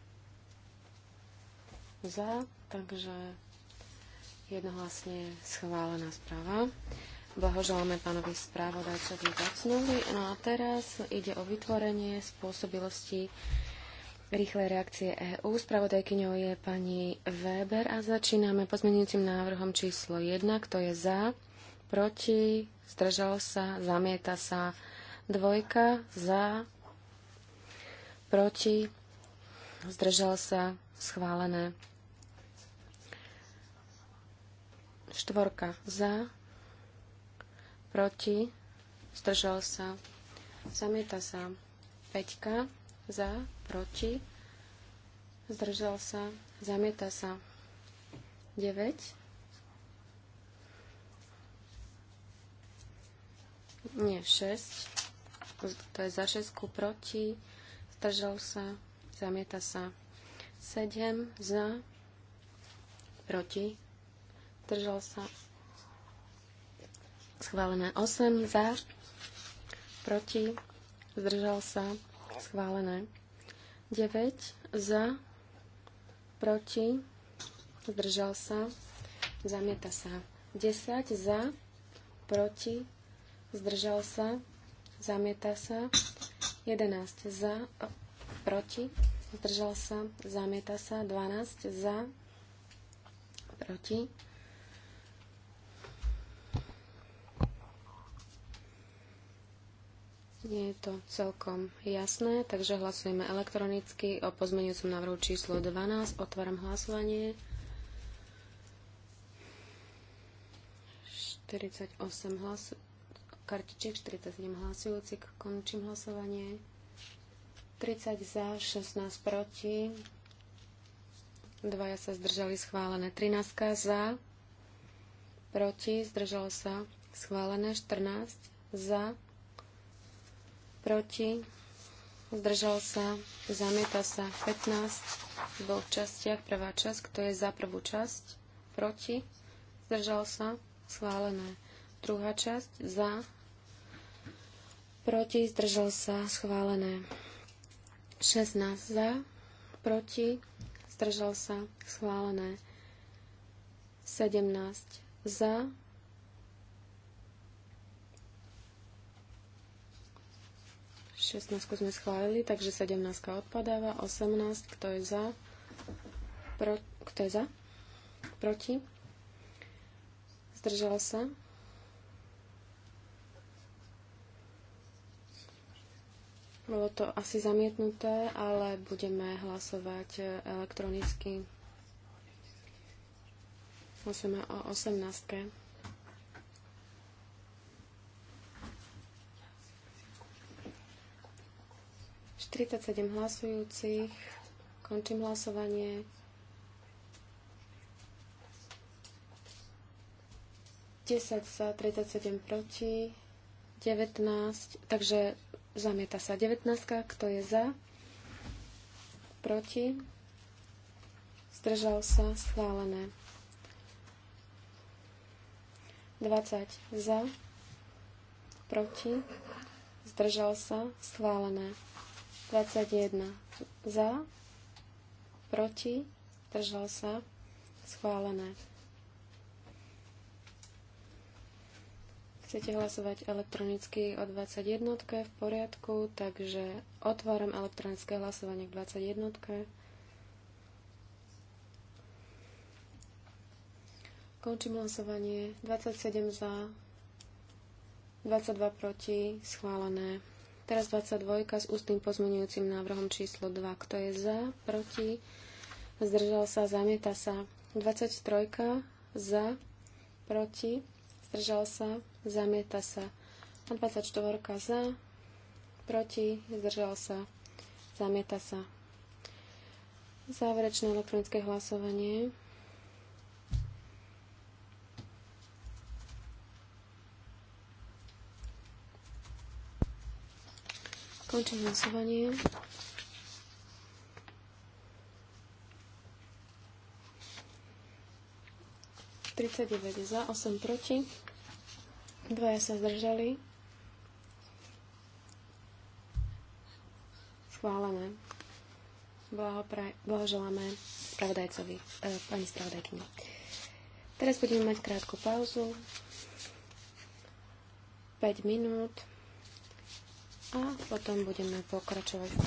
za, takže jednohlasne schválená správa. Blahoželáme pánovi správodajcovi Vacnovi. No a teraz ide o vytvorenie spôsobilosti rýchlej reakcie EÚ. Spravodajkyňou je pani Weber a začíname pozmenujúcim návrhom číslo 1. Kto je za? proti, zdržal sa, zamieta sa. Dvojka za, proti, zdržal sa, schválené. Štvorka za, proti, zdržal sa, zamieta sa. Peťka za, proti, zdržal sa, zamieta sa. 9 Nie, 6. To je za 6 proti. Zdržal sa. Zamieta sa. 7 za. Proti. Zdržal sa. Schválené 8 za. Proti. Zdržal sa. Schválené. 9 za, proti, zdržal sa, zamieta sa. 10 za, proti, zdržal sa, zamieta sa. 11 za, proti, zdržal sa, zamieta sa. 12 za, proti. Nie je to celkom jasné, takže hlasujeme elektronicky o pozmeňujúcom návrhu číslo 12. Otváram hlasovanie. 48 hlasov kartičiek, 47 hlasujúcich. Končím hlasovanie. 30 za, 16 proti. Dvaja sa zdržali schválené. 13 za, proti, zdržalo sa schválené. 14 za, proti, zdržal sa, zamieta sa. 15 v dvoch častiach. Prvá časť, kto je za prvú časť, proti, zdržal sa, schválené. Druhá časť, za, proti, zdržal sa, schválené. 16 za, proti, zdržal sa, schválené. 17 za, Šestnáctku sme schválili, takže 17 odpadáva. 18, kto je za? Pro, kto je za? Proti? Zdržal sa? Bolo to asi zamietnuté, ale budeme hlasovať e, elektronicky. Hlasujeme o 18. 47 hlasujúcich. Končím hlasovanie. Desať za, 37 proti, 19, takže Zamieta sa 19. Kto je za? Proti? Zdržal sa? Schválené. 20. Za? Proti? Zdržal sa? Schválené. 21. Za? Proti? Zdržal sa? Schválené. Chcete hlasovať elektronicky o 21. v poriadku, takže otváram elektronické hlasovanie k 21. Končím hlasovanie. 27 za, 22 proti, schválené. Teraz 22 s ústnym pozmenujúcim návrhom číslo 2. Kto je za, proti, zdržal sa, zamieta sa. 23 za, proti, zdržal sa, zamieta sa. A 24 za, proti, zdržal sa, zamieta sa. Záverečné elektronické hlasovanie. Končím hlasovanie. Tridsaťdeväť za, 8 proti. Dvaja sa zdržali. Schválené. Blahoželáme spravodajcovi, e, pani spravodajkyni. Teraz budeme mať krátku pauzu. 5 minút a potom budeme pokračovať v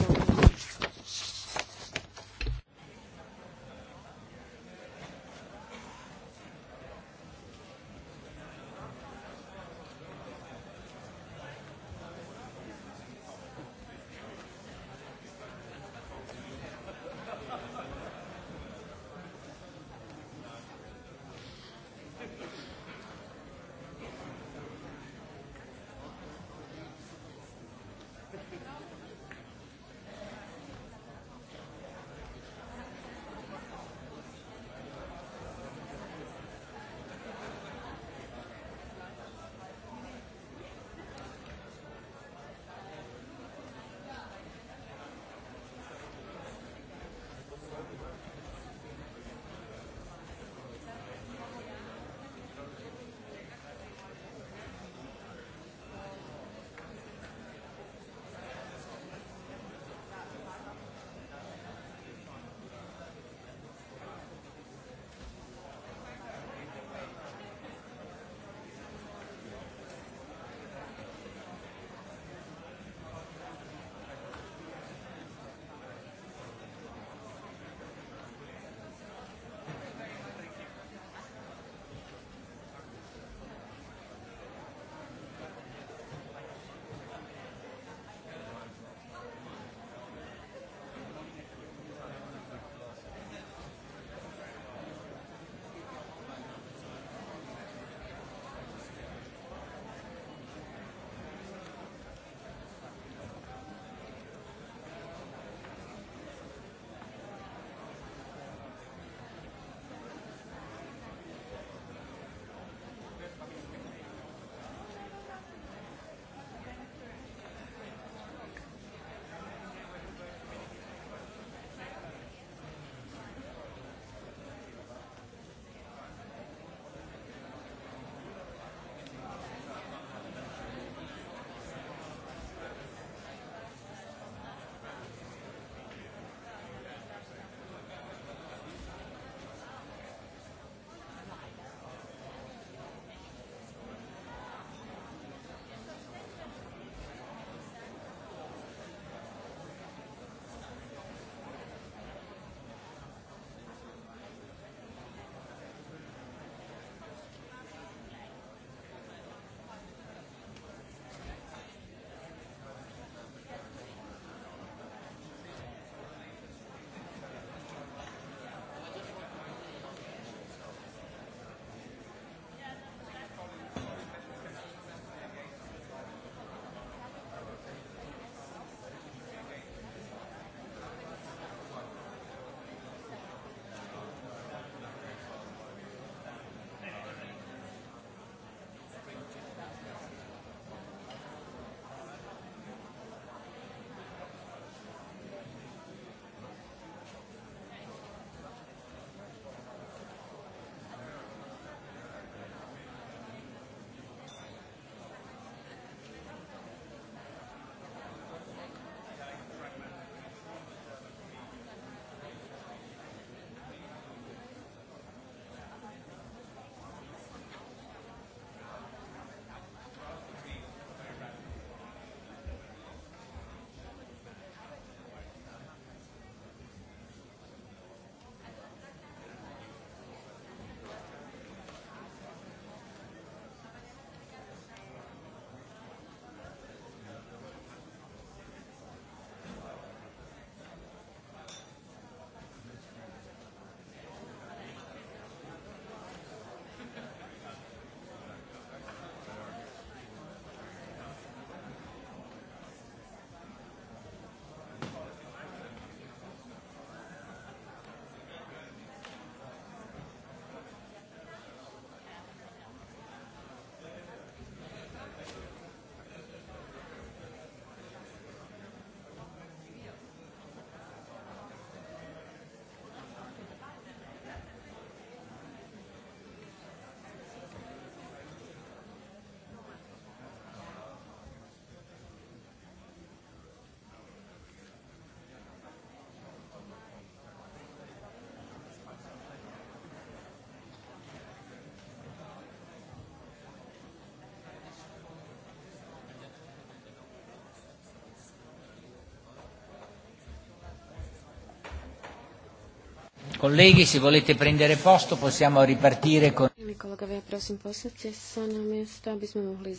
Colleghi, se volete prendere posto, possiamo ripartire con... Milí kolegovia, prosím, posadte sa na miesto, aby sme mohli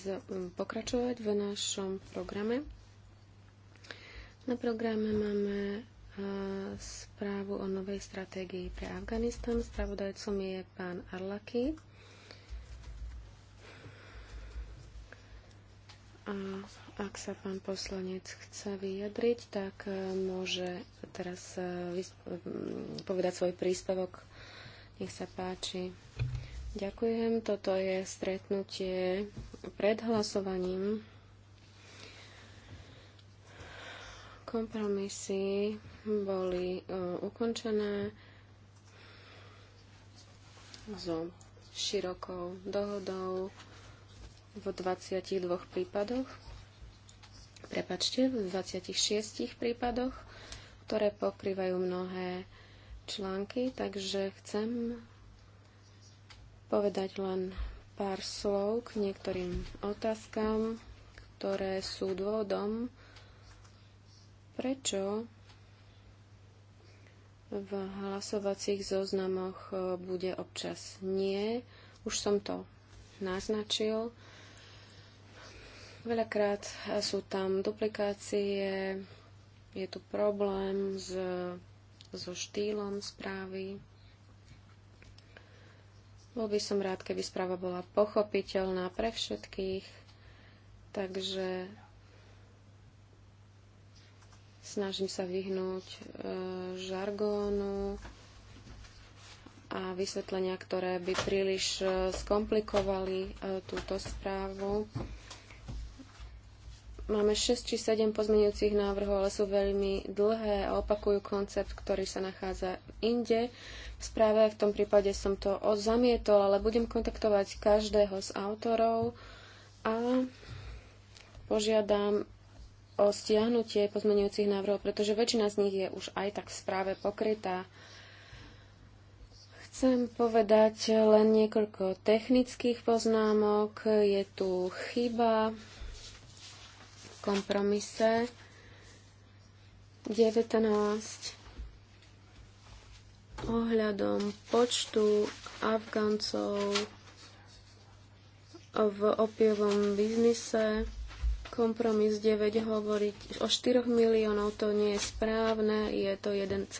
pokračovať v našom programe. Na programe máme správu o novej stratégii pre Afganistan. Spravodajcom je pán Arlaki. Ak sa pán poslanec chce vyjadriť, tak e, môže teraz e, e, povedať svoj príspevok. Nech sa páči. Ďakujem. Toto je stretnutie pred hlasovaním. Kompromisy boli ukončené so širokou dohodou v 22 prípadoch prepačte, v 26 prípadoch, ktoré pokrývajú mnohé články, takže chcem povedať len pár slov k niektorým otázkam, ktoré sú dôvodom, prečo v hlasovacích zoznamoch bude občas nie. Už som to naznačil. Veľakrát sú tam duplikácie, je tu problém s, so štýlom správy. Bol by som rád, keby správa bola pochopiteľná pre všetkých, takže snažím sa vyhnúť e, žargónu a vysvetlenia, ktoré by príliš e, skomplikovali e, túto správu. Máme 6 či 7 pozmenujúcich návrhov, ale sú veľmi dlhé a opakujú koncept, ktorý sa nachádza inde. V správe v tom prípade som to zamietol, ale budem kontaktovať každého z autorov a požiadam o stiahnutie pozmeňujúcich návrhov, pretože väčšina z nich je už aj tak v správe pokrytá. Chcem povedať len niekoľko technických poznámok. Je tu chyba kompromise 19 ohľadom počtu Afgáncov v opievom biznise. Kompromis 9 hovorí o 4 miliónov, to nie je správne, je to 1,6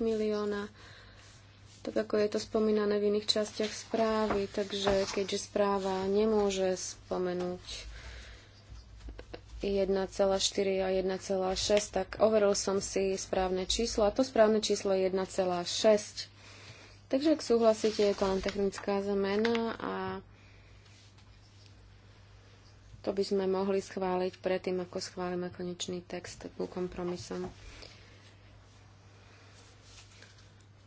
milióna, tak ako je to spomínané v iných častiach správy, takže keďže správa nemôže spomenúť 1,4 a 1,6, tak overil som si správne číslo a to správne číslo je 1,6. Takže ak súhlasíte, je to len technická zmena a to by sme mohli schváliť predtým, ako schválime konečný text ku kompromisom.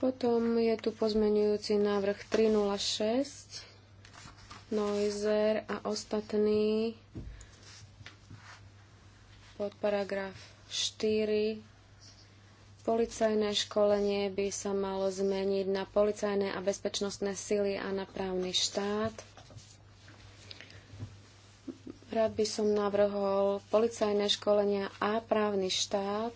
Potom je tu pozmenujúci návrh 306, noiser a ostatný. Pod paragraf 4 policajné školenie by sa malo zmeniť na policajné a bezpečnostné sily a na právny štát. Rád by som navrhol policajné školenia a právny štát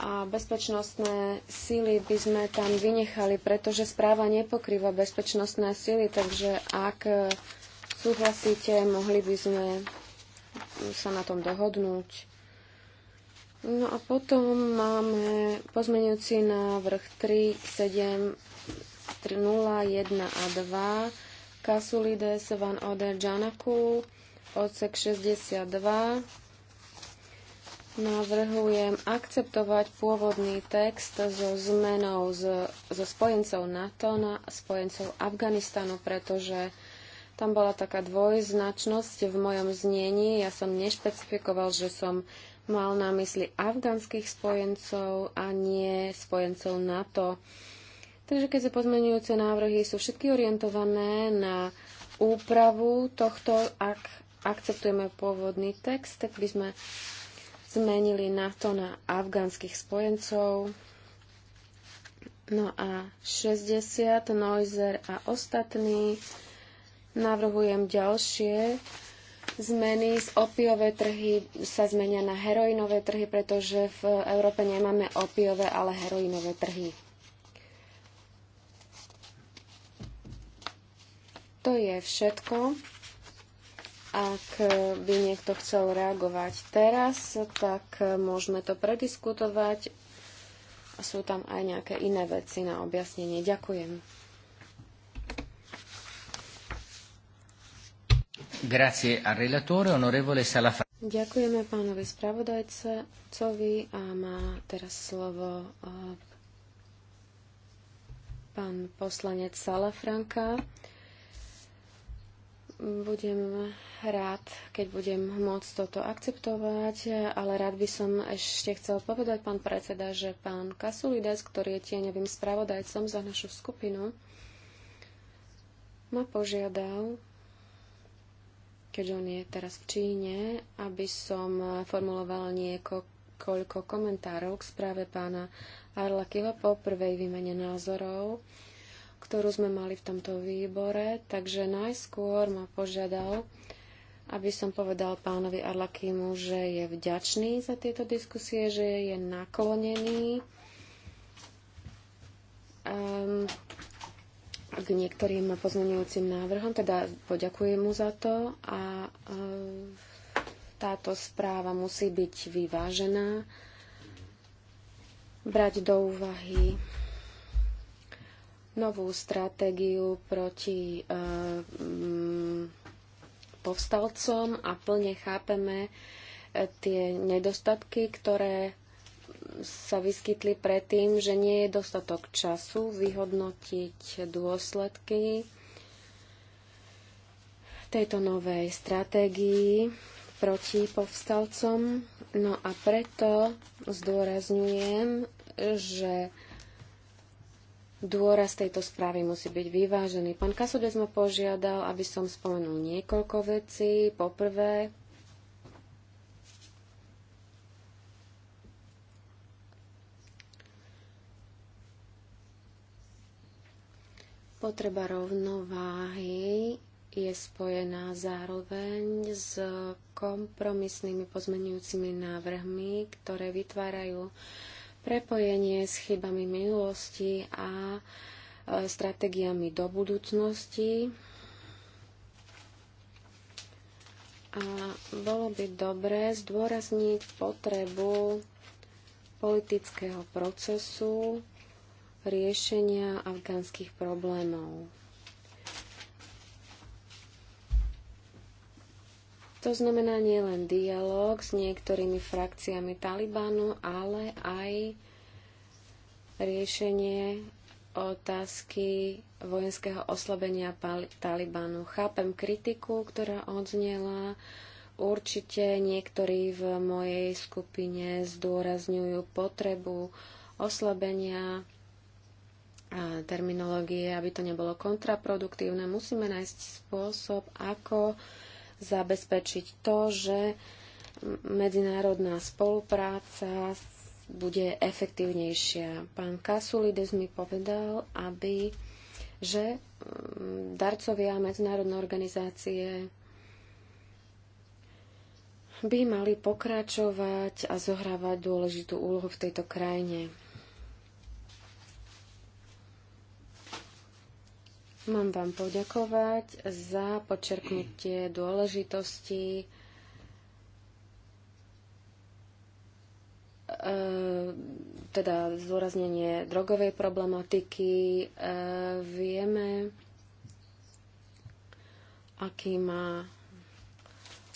a bezpečnostné sily by sme tam vynechali, pretože správa nepokrýva bezpečnostné sily, takže ak súhlasíte, mohli by sme sa na tom dohodnúť. No a potom máme pozmenujúci návrh 3, 7, 3, 0, 1 a 2 Kasulides van Oder Janaku odsek 62 navrhujem akceptovať pôvodný text so zmenou z, so spojencov NATO na spojencov Afganistanu, pretože tam bola taká dvojznačnosť v mojom znení. Ja som nešpecifikoval, že som mal na mysli afgánskych spojencov a nie spojencov NATO. Takže keď sa pozmenujúce návrhy sú všetky orientované na úpravu tohto, ak akceptujeme pôvodný text, tak by sme zmenili NATO na afgánskych spojencov. No a 60, Noizer a ostatní Navrhujem ďalšie zmeny z opiové trhy sa zmenia na heroinové trhy, pretože v Európe nemáme opiové, ale heroinové trhy. To je všetko. Ak by niekto chcel reagovať teraz, tak môžeme to prediskutovať. Sú tam aj nejaké iné veci na objasnenie. Ďakujem. Grazie al relatore, onorevole Ďakujeme pánovi spravodajcovi a má teraz slovo eh, pán poslanec Salafranka. Budem rád, keď budem môcť toto akceptovať, ale rád by som ešte chcel povedať, pán predseda, že pán Kasulides, ktorý je tieňovým spravodajcom za našu skupinu, ma požiadal, keďže on je teraz v Číne, aby som e, formulovala niekoľko komentárov k správe pána Arlakiva po prvej výmene názorov, ktorú sme mali v tomto výbore. Takže najskôr ma požiadal, aby som povedal pánovi Arlakimu, že je vďačný za tieto diskusie, že je naklonený um, k niektorým pozmeňujúcim návrhom, teda poďakujem mu za to a e, táto správa musí byť vyvážená, brať do úvahy novú stratégiu proti e, povstalcom a plne chápeme e, tie nedostatky, ktoré sa vyskytli predtým, že nie je dostatok času vyhodnotiť dôsledky tejto novej stratégii proti povstalcom. No a preto zdôrazňujem, že dôraz tejto správy musí byť vyvážený. Pán Kasudec ma požiadal, aby som spomenul niekoľko vecí. Poprvé, Potreba rovnováhy je spojená zároveň s kompromisnými pozmenujúcimi návrhmi, ktoré vytvárajú prepojenie s chybami minulosti a e, stratégiami do budúcnosti. A bolo by dobré zdôrazniť potrebu politického procesu riešenia afgánskych problémov. To znamená nielen dialog s niektorými frakciami Talibanu, ale aj riešenie otázky vojenského oslabenia Talibanu. Chápem kritiku, ktorá odznela. Určite niektorí v mojej skupine zdôrazňujú potrebu oslabenia terminológie, aby to nebolo kontraproduktívne. Musíme nájsť spôsob, ako zabezpečiť to, že medzinárodná spolupráca bude efektívnejšia. Pán Kasulides mi povedal, aby, že mm, darcovia medzinárodné organizácie by mali pokračovať a zohrávať dôležitú úlohu v tejto krajine. Mám vám poďakovať za počerknutie dôležitosti eh, teda zdôraznenie drogovej problematiky. Eh, vieme, aký má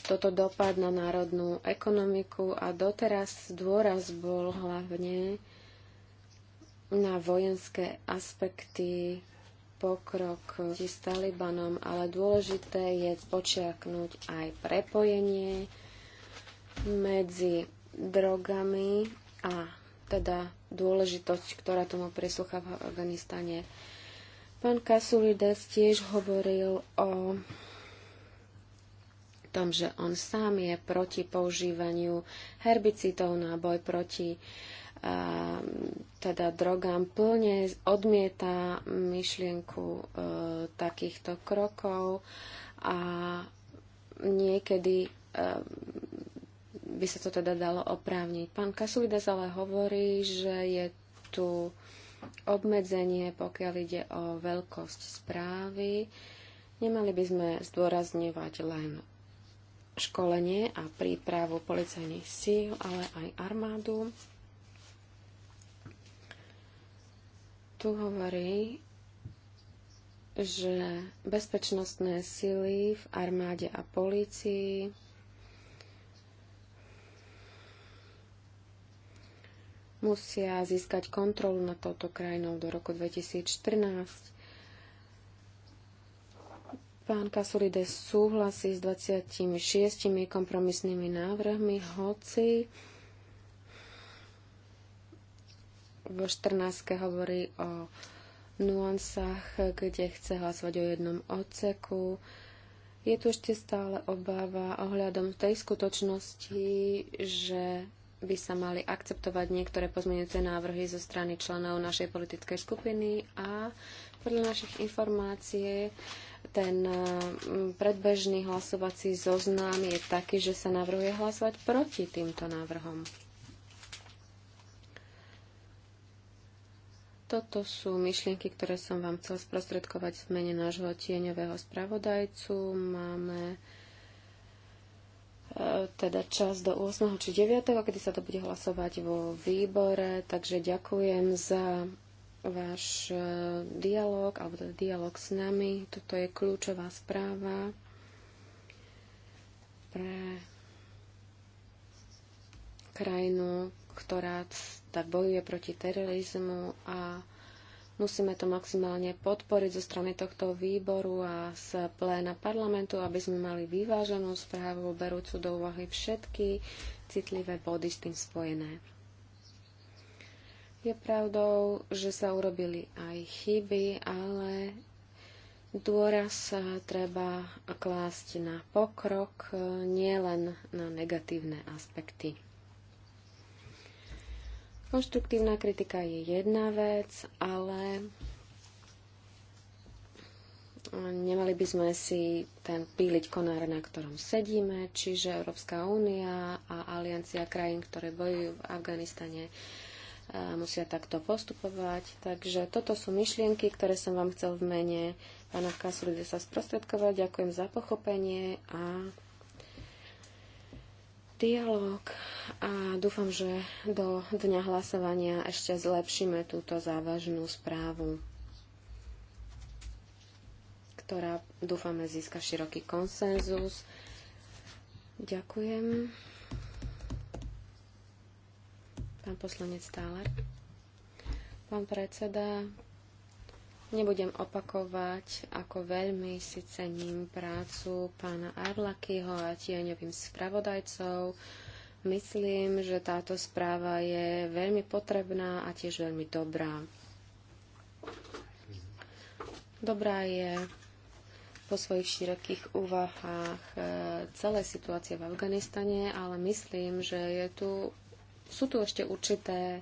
toto dopad na národnú ekonomiku a doteraz dôraz bol hlavne na vojenské aspekty pokrok s Talibanom, ale dôležité je počiaknúť aj prepojenie medzi drogami a teda dôležitosť, ktorá tomu prisúcha v Afganistane. Pán Kasulides tiež hovoril o tom, že on sám je proti používaniu herbicitov na boj proti teda drogám plne odmieta myšlienku e, takýchto krokov a niekedy e, by sa to teda dalo oprávniť. Pán Kasulides ale hovorí, že je tu obmedzenie, pokiaľ ide o veľkosť správy. Nemali by sme zdôrazňovať len školenie a prípravu policajných síl, ale aj armádu. tu hovorí, že bezpečnostné sily v armáde a polícii musia získať kontrolu nad touto krajinou do roku 2014. Pán Kasulides súhlasí s 26 kompromisnými návrhmi, hoci v 14. hovorí o nuansách, kde chce hlasovať o jednom odseku. Je tu ešte stále obáva ohľadom tej skutočnosti, že by sa mali akceptovať niektoré pozmeňujúce návrhy zo strany členov našej politickej skupiny a podľa našich informácií ten e, predbežný hlasovací zoznam je taký, že sa navrhuje hlasovať proti týmto návrhom. Toto sú myšlienky, ktoré som vám chcel sprostredkovať v mene nášho tieňového spravodajcu. Máme e, teda čas do 8. či 9. kedy sa to bude hlasovať vo výbore. Takže ďakujem za váš e, dialog, alebo teda dialog s nami. Toto je kľúčová správa pre krajinu, ktorá tak bojuje proti terorizmu a musíme to maximálne podporiť zo strany tohto výboru a z pléna parlamentu, aby sme mali vyváženú správu, berúcu do úvahy všetky citlivé body s tým spojené. Je pravdou, že sa urobili aj chyby, ale dôraz treba klásť na pokrok, nielen na negatívne aspekty. Konštruktívna kritika je jedna vec, ale nemali by sme si ten píliť konár, na ktorom sedíme, čiže Európska únia a aliancia krajín, ktoré bojujú v Afganistane, e, musia takto postupovať. Takže toto sú myšlienky, ktoré som vám chcel v mene pána Kasulide sa sprostredkovať. Ďakujem za pochopenie a dialog a dúfam, že do dňa hlasovania ešte zlepšíme túto závažnú správu, ktorá dúfame získa široký konsenzus. Ďakujem. Pán poslanec Stáler. Pán predseda, Nebudem opakovať, ako veľmi si cením prácu pána Arlakyho a tieňovým spravodajcov. Myslím, že táto správa je veľmi potrebná a tiež veľmi dobrá. Dobrá je po svojich širokých úvahách e, celé situácie v Afganistane, ale myslím, že je tu, sú tu ešte určité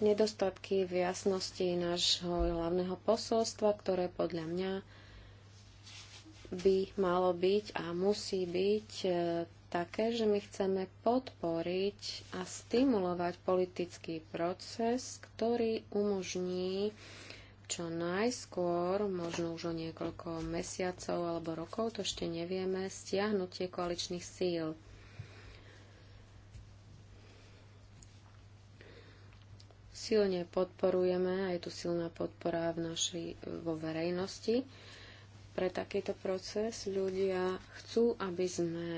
nedostatky v jasnosti nášho hlavného posolstva, ktoré podľa mňa by malo byť a musí byť e, také, že my chceme podporiť a stimulovať politický proces, ktorý umožní čo najskôr, možno už o niekoľko mesiacov alebo rokov, to ešte nevieme, stiahnutie koaličných síl silne podporujeme, a je tu silná podpora v našej, vo verejnosti pre takýto proces. Ľudia chcú, aby sme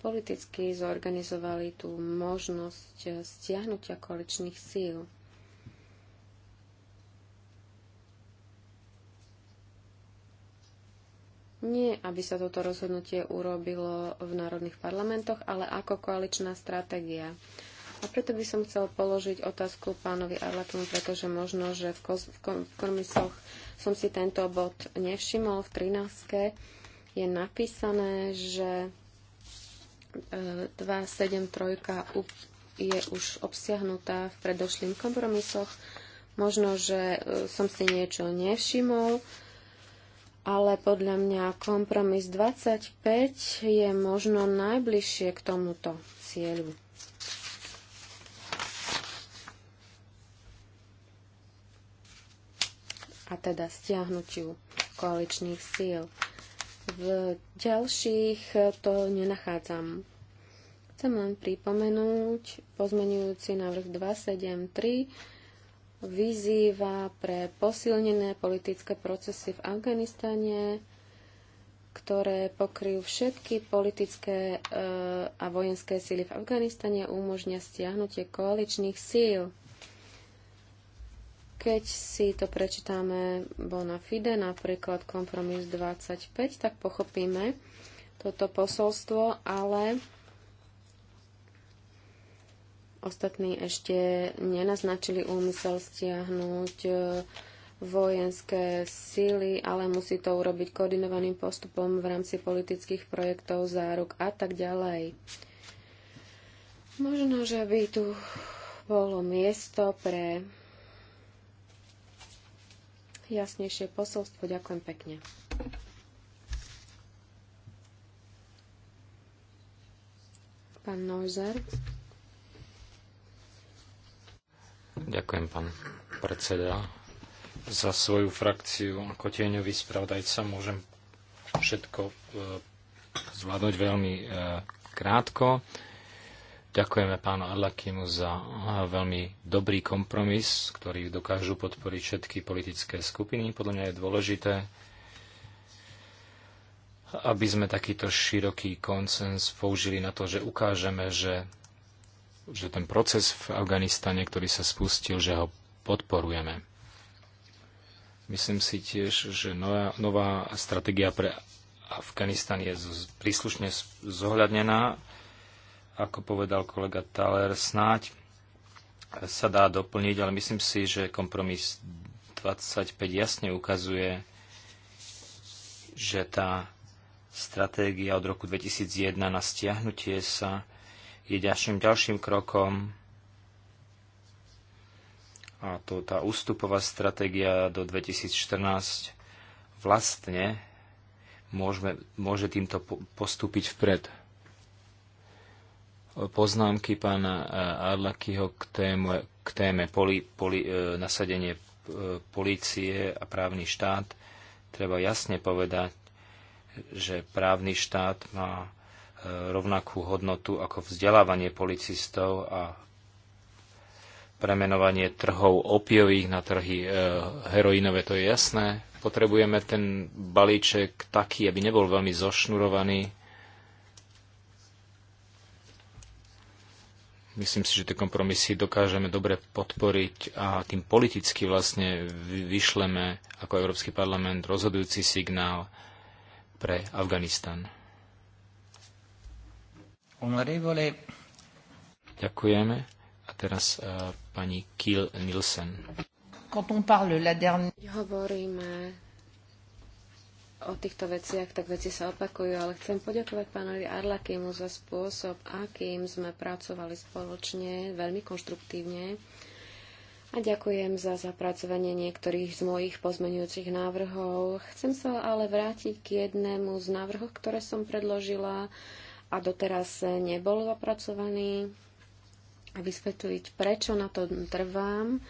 politicky zorganizovali tú možnosť stiahnutia koaličných síl. Nie, aby sa toto rozhodnutie urobilo v národných parlamentoch, ale ako koaličná stratégia. A preto by som chcel položiť otázku pánovi Arlatomu, pretože možno, že v, kos- v, kom, v komisoch som si tento bod nevšimol. V 13. je napísané, že 273 e, je už obsiahnutá v predošlých kompromisoch. Možno, že e, som si niečo nevšimol, ale podľa mňa kompromis 25 je možno najbližšie k tomuto cieľu. a teda stiahnutiu koaličných síl. V ďalších to nenachádzam. Chcem len pripomenúť pozmenujúci návrh 273 vyzýva pre posilnené politické procesy v Afganistane, ktoré pokryjú všetky politické eh, a vojenské síly v Afganistane, umožňa stiahnutie koaličných síl. Keď si to prečítame bona fide, napríklad kompromis 25, tak pochopíme toto posolstvo, ale ostatní ešte nenaznačili úmysel stiahnuť e, vojenské síly, ale musí to urobiť koordinovaným postupom v rámci politických projektov, záruk a tak ďalej. Možno, že by tu bolo miesto pre jasnejšie posolstvo. Ďakujem pekne. Pán Neuser. Ďakujem, pán predseda. Za svoju frakciu ako tieňový spravodajca môžem všetko e, zvládnuť veľmi e, krátko. Ďakujeme pánu Arlakimu za veľmi dobrý kompromis, ktorý dokážu podporiť všetky politické skupiny. Podľa mňa je dôležité, aby sme takýto široký konsens použili na to, že ukážeme, že, že ten proces v Afganistane, ktorý sa spustil, že ho podporujeme. Myslím si tiež, že nová, nová stratégia pre Afganistan je príslušne zohľadnená ako povedal kolega Thaler, snáď sa dá doplniť, ale myslím si, že kompromis 25 jasne ukazuje, že tá stratégia od roku 2001 na stiahnutie sa je ďalším ďalším krokom a to tá ústupová stratégia do 2014 vlastne môžeme, môže týmto postúpiť vpred poznámky pána e, Arlakyho k téme, k téme poli, poli, e, nasadenie e, polície a právny štát. Treba jasne povedať, že právny štát má rovnakú hodnotu ako vzdelávanie policistov a premenovanie trhov opiových na trhy heroinové, to je jasné. Potrebujeme ten balíček taký, aby nebol veľmi zošnurovaný, Myslím si, že tie kompromisy dokážeme dobre podporiť a tým politicky vlastne vyšleme ako Európsky parlament rozhodujúci signál pre Afganistan. Honorevole. Ďakujeme. A teraz uh, pani Kiel Nielsen. Quand on parle la dernière... Hovoríme o týchto veciach, tak veci sa opakujú, ale chcem poďakovať pánovi Arlakimu za spôsob, akým sme pracovali spoločne, veľmi konštruktívne. A ďakujem za zapracovanie niektorých z mojich pozmenujúcich návrhov. Chcem sa ale vrátiť k jednému z návrhov, ktoré som predložila a doteraz nebol zapracovaný a vysvetliť, prečo na to trvám.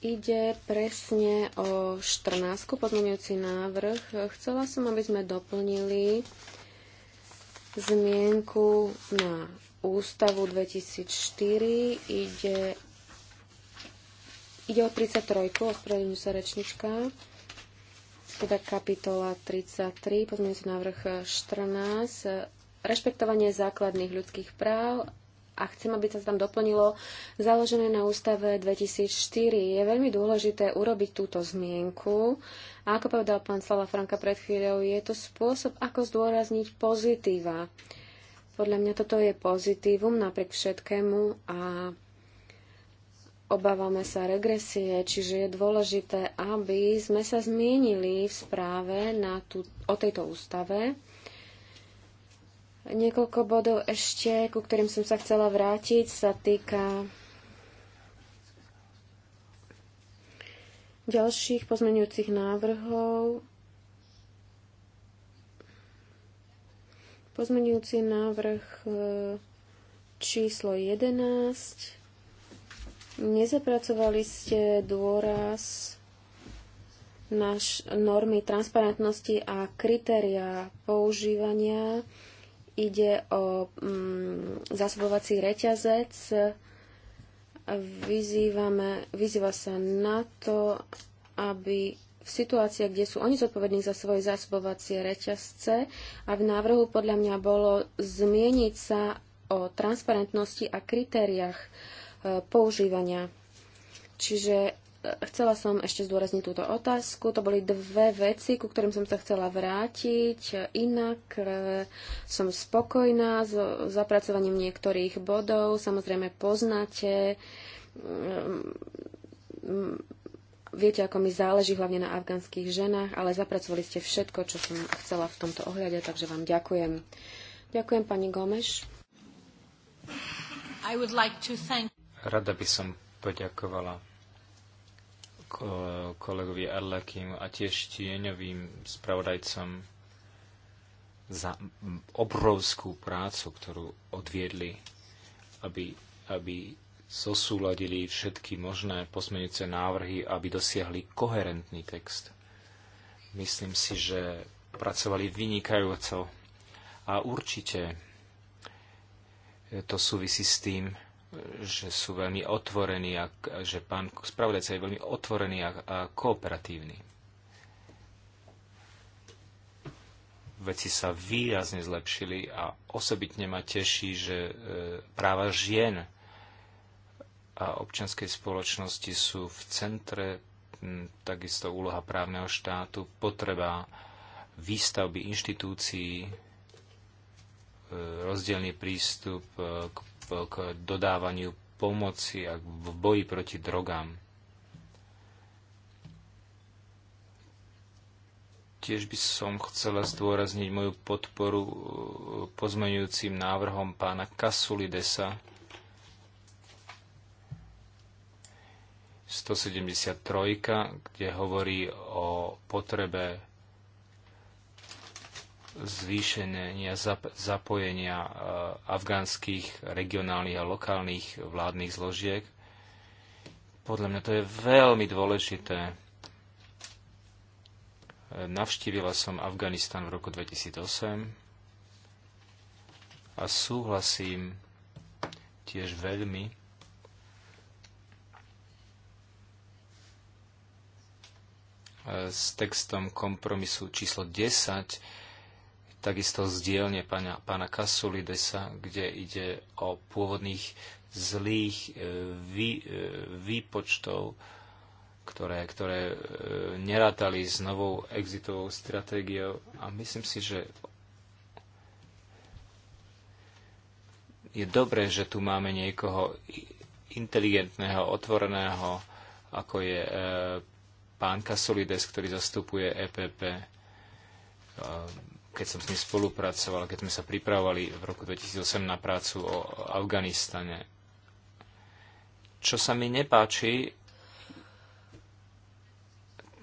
Ide presne o 14. pozmeňujúci návrh. Chcela som, aby sme doplnili zmienku na ústavu 2004. Ide, ide o 33. Ospravedlňujem sa rečnička. Teda kapitola 33, pozmeňujúci návrh 14. Rešpektovanie základných ľudských práv a chcem, aby sa tam doplnilo, založené na ústave 2004. Je veľmi dôležité urobiť túto zmienku. A ako povedal pán Slava Franka pred chvíľou, je to spôsob, ako zdôrazniť pozitíva. Podľa mňa toto je pozitívum napriek všetkému a obávame sa regresie, čiže je dôležité, aby sme sa zmienili v správe na tú, o tejto ústave Niekoľko bodov ešte, ku ktorým som sa chcela vrátiť, sa týka ďalších pozmenujúcich návrhov. Pozmenujúci návrh e, číslo 11. Nezapracovali ste dôraz na normy transparentnosti a kritéria používania ide o mm, zásobovací reťazec. Vyzývame, vyzýva sa na to, aby v situácii, kde sú oni zodpovední za svoje zásobovacie reťazce a v návrhu podľa mňa bolo zmieniť sa o transparentnosti a kritériách e, používania. Čiže chcela som ešte zdôrazniť túto otázku. To boli dve veci, ku ktorým som sa chcela vrátiť. Inak e, som spokojná s zapracovaním niektorých bodov. Samozrejme poznáte, e, viete, ako mi záleží hlavne na afgánskych ženách, ale zapracovali ste všetko, čo som chcela v tomto ohľade, takže vám ďakujem. Ďakujem, pani Gomeš. Rada by som poďakovala kolegovi Arlakim a tiež tieňovým spravodajcom za obrovskú prácu, ktorú odviedli, aby, aby zosúladili všetky možné posmenujúce návrhy, aby dosiahli koherentný text. Myslím si, že pracovali vynikajúco a určite to súvisí s tým, že sú veľmi otvorení a že pán spravodajca je veľmi otvorený a, a kooperatívny. Veci sa výrazne zlepšili a osobitne ma teší, že e, práva žien a občianskej spoločnosti sú v centre takisto úloha právneho štátu, potreba výstavby inštitúcií, e, rozdielný prístup e, k k dodávaniu pomoci a v boji proti drogám. Tiež by som chcela zdôrazniť moju podporu uh, pozmeňujúcim návrhom pána Kasulidesa 173, kde hovorí o potrebe zvýšenia zapojenia e, afgánskych regionálnych a lokálnych vládnych zložiek. Podľa mňa to je veľmi dôležité. E, navštívila som Afganistan v roku 2008 a súhlasím tiež veľmi e, s textom kompromisu číslo 10 takisto z dielne pána, pána Kasulidesa, kde ide o pôvodných zlých e, vý, e, výpočtov, ktoré, ktoré e, nerátali s novou exitovou stratégiou. A myslím si, že je dobré, že tu máme niekoho inteligentného, otvoreného, ako je pán Kasolides, ktorý zastupuje EPP keď som s ním spolupracoval, keď sme sa pripravovali v roku 2008 na prácu o Afganistane. Čo sa mi nepáči,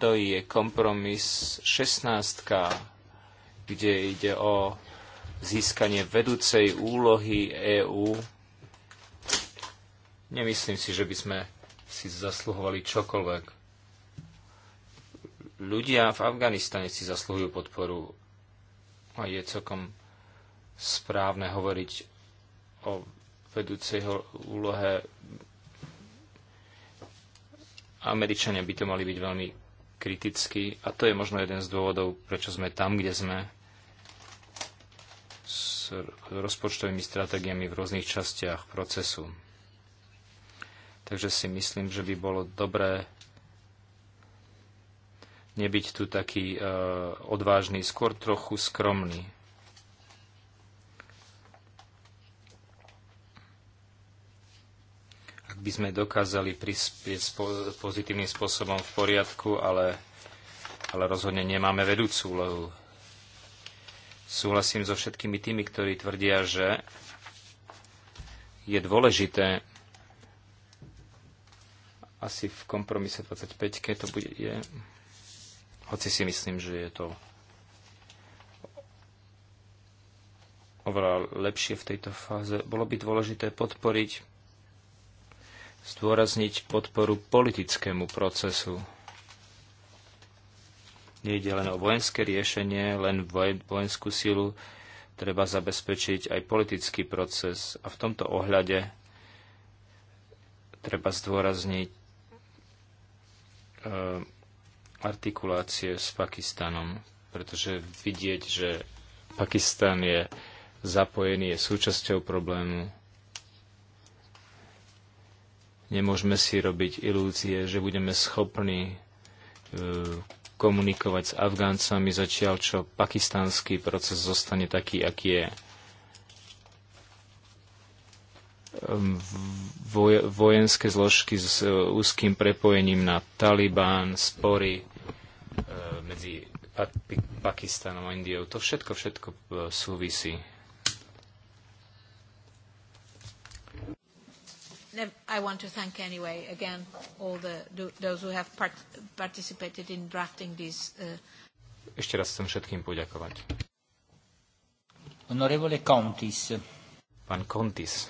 to je kompromis 16, kde ide o získanie vedúcej úlohy EÚ. Nemyslím si, že by sme si zasluhovali čokoľvek. Ľudia v Afganistane si zasluhujú podporu a je celkom správne hovoriť o vedúcej úlohe Američania by to mali byť veľmi kritickí a to je možno jeden z dôvodov, prečo sme tam, kde sme s rozpočtovými stratégiami v rôznych častiach procesu. Takže si myslím, že by bolo dobré nebyť tu taký e, odvážny, skôr trochu skromný. Ak by sme dokázali prispieť spo- pozitívnym spôsobom v poriadku, ale, ale rozhodne nemáme vedúcu úlohu. Súhlasím so všetkými tými, ktorí tvrdia, že je dôležité asi v kompromise 25, keď to bude, je, hoci si myslím, že je to oveľa lepšie v tejto fáze, bolo by dôležité podporiť, zdôrazniť podporu politickému procesu. Nejde len o vojenské riešenie, len vojenskú silu, treba zabezpečiť aj politický proces a v tomto ohľade treba zdôrazniť e, artikulácie s Pakistanom, pretože vidieť, že Pakistan je zapojený, je súčasťou problému. Nemôžeme si robiť ilúzie, že budeme schopní e, komunikovať s Afgáncami, zatiaľ čo pakistanský proces zostane taký, aký je. vojenské zložky s e, úzkým prepojením na Talibán, spory e, medzi Pakistanom a Indiou. To všetko, všetko e, súvisí. I want to thank anyway again all the those who have part, participated in drafting this. Uh... Ešte raz chcem všetkým poďakovať. Honorevole Contis. Pán Contis.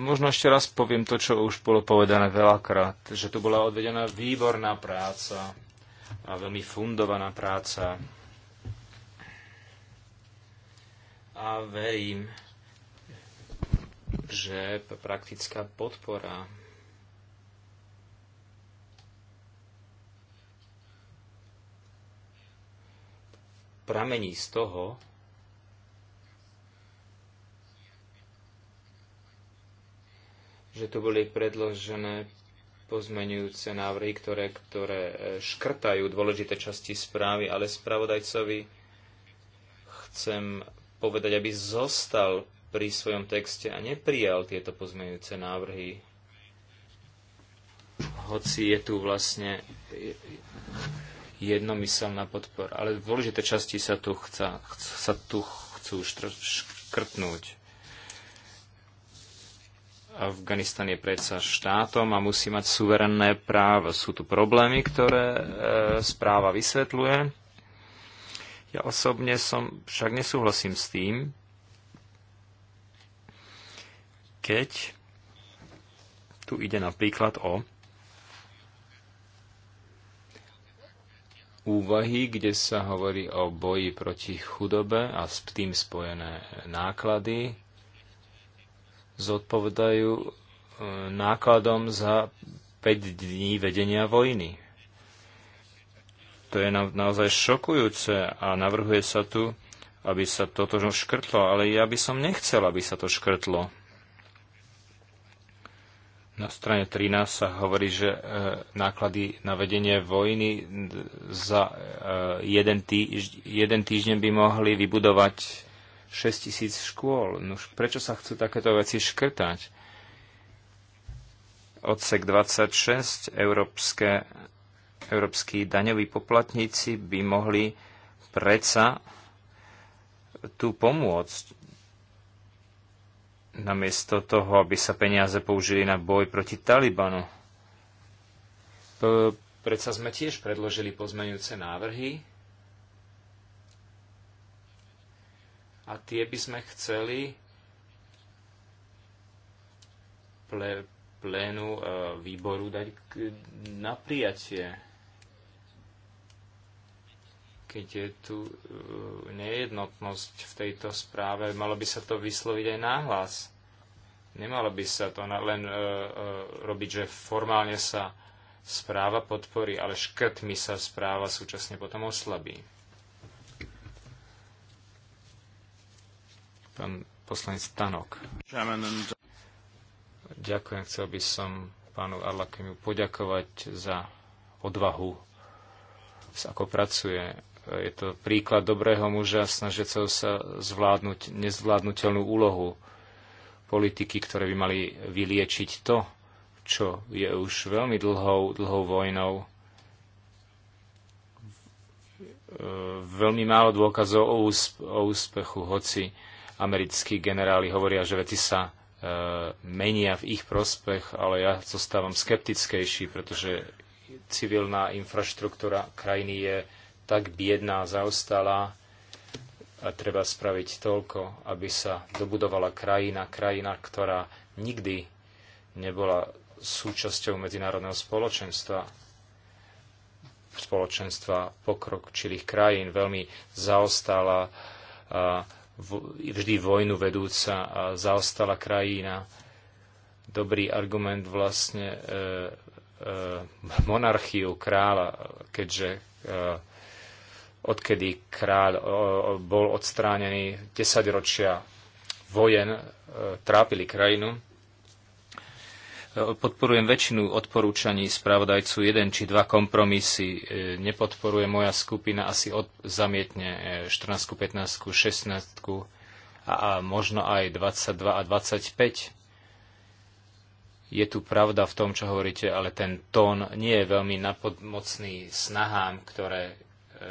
Možno ešte raz poviem to, čo už bolo povedané veľakrát, že tu bola odvedená výborná práca a veľmi fundovaná práca. A verím, že praktická podpora pramení z toho, že tu boli predložené pozmenujúce návrhy, ktoré, ktoré e, škrtajú dôležité časti správy, ale spravodajcovi chcem povedať, aby zostal pri svojom texte a neprijal tieto pozmenujúce návrhy. Hoci je tu vlastne jednomyselná podpora, ale dôležité časti sa tu, chca, sa tu chcú škrtnúť. Afganistan je predsa štátom a musí mať suverenné práva. Sú tu problémy, ktoré e, správa vysvetľuje. Ja osobne som však nesúhlasím s tým, keď tu ide napríklad o úvahy, kde sa hovorí o boji proti chudobe a s tým spojené náklady zodpovedajú e, nákladom za 5 dní vedenia vojny. To je na, naozaj šokujúce a navrhuje sa tu, aby sa toto škrtlo, ale ja by som nechcel, aby sa to škrtlo. Na strane 13 sa hovorí, že e, náklady na vedenie vojny za e, jeden, týž, jeden týždeň by mohli vybudovať 6000 škôl. No, prečo sa chcú takéto veci škrtať? Odsek 26. Európske, európsky daňoví poplatníci by mohli predsa tu pomôcť. Namiesto toho, aby sa peniaze použili na boj proti Talibanu. P- predsa sme tiež predložili pozmeňujúce návrhy, a tie by sme chceli ple, plénu e, výboru dať na prijatie. Keď je tu e, nejednotnosť v tejto správe, malo by sa to vysloviť aj náhlas. Nemalo by sa to len e, robiť, že formálne sa správa podporí, ale škrtmi sa správa súčasne potom oslabí. Pán poslanec Tanok. Ďakujem, chcel by som pánu Arlakemu poďakovať za odvahu, ako pracuje. Je to príklad dobrého muža, snažiaceho sa zvládnuť nezvládnutelnú úlohu politiky, ktoré by mali vyliečiť to, čo je už veľmi dlhou, dlhou vojnou. Veľmi málo dôkazov o, úspechu, hoci americkí generáli hovoria, že veci sa e, menia v ich prospech, ale ja zostávam skeptickejší, pretože civilná infraštruktúra krajiny je tak biedná, zaostalá a treba spraviť toľko, aby sa dobudovala krajina, krajina, ktorá nikdy nebola súčasťou medzinárodného spoločenstva, spoločenstva pokrok čilých krajín, veľmi zaostala a vždy vojnu vedúca a zaostala krajina. Dobrý argument vlastne e, e, monarchiu kráľa, keďže e, odkedy kráľ e, bol odstránený, desaťročia vojen e, trápili krajinu Podporujem väčšinu odporúčaní spravodajcu, jeden či dva kompromisy e, nepodporuje moja skupina, asi od, zamietne 14, 15, 16 a, a možno aj 22 a 25. Je tu pravda v tom, čo hovoríte, ale ten tón nie je veľmi napomocný snahám, ktoré e, e,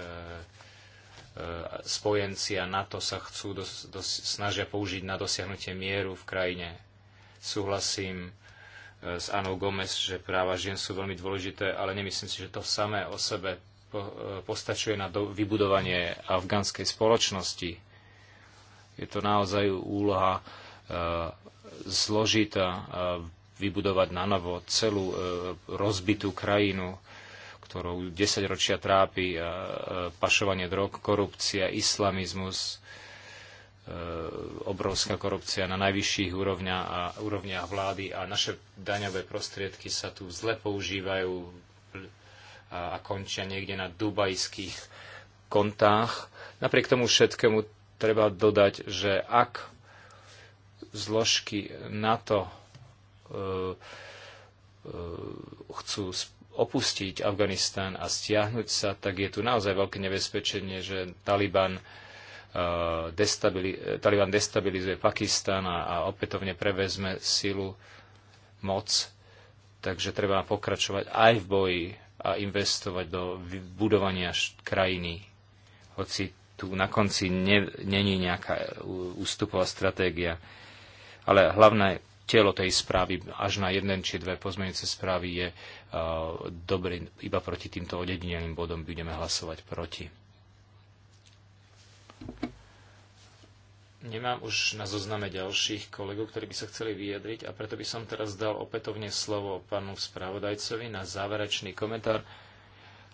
spojenci a NATO sa chcú dos, dos, snažia použiť na dosiahnutie mieru v krajine. Súhlasím s Anou Gomez, že práva žien sú veľmi dôležité, ale nemyslím si, že to samé o sebe e, postačuje na vybudovanie afgánskej spoločnosti. Je to naozaj úloha e, zložitá e, vybudovať na novo celú rozbitú krajinu, ktorou desaťročia trápi pašovanie drog, korupcia, islamizmus, E, obrovská korupcia na najvyšších úrovniach, a, úrovniach vlády a naše daňové prostriedky sa tu zle používajú a, a končia niekde na dubajských kontách. Napriek tomu všetkému treba dodať, že ak zložky NATO e, e chcú opustiť Afganistan a stiahnuť sa, tak je tu naozaj veľké nebezpečenie, že Taliban Eh, destabili- Taliban destabilizuje Pakistan a, a opätovne prevezme silu, moc. Takže treba pokračovať aj v boji a investovať do budovania krajiny. Hoci tu na konci není nejaká ústupová stratégia. Ale hlavné telo tej správy až na jeden či dve pozmeňujúce správy je uh, dobrý. Iba proti týmto odedineným bodom budeme hlasovať proti. Nemám už na zozname ďalších kolegov, ktorí by sa chceli vyjadriť a preto by som teraz dal opätovne slovo pánu spravodajcovi na záverečný komentár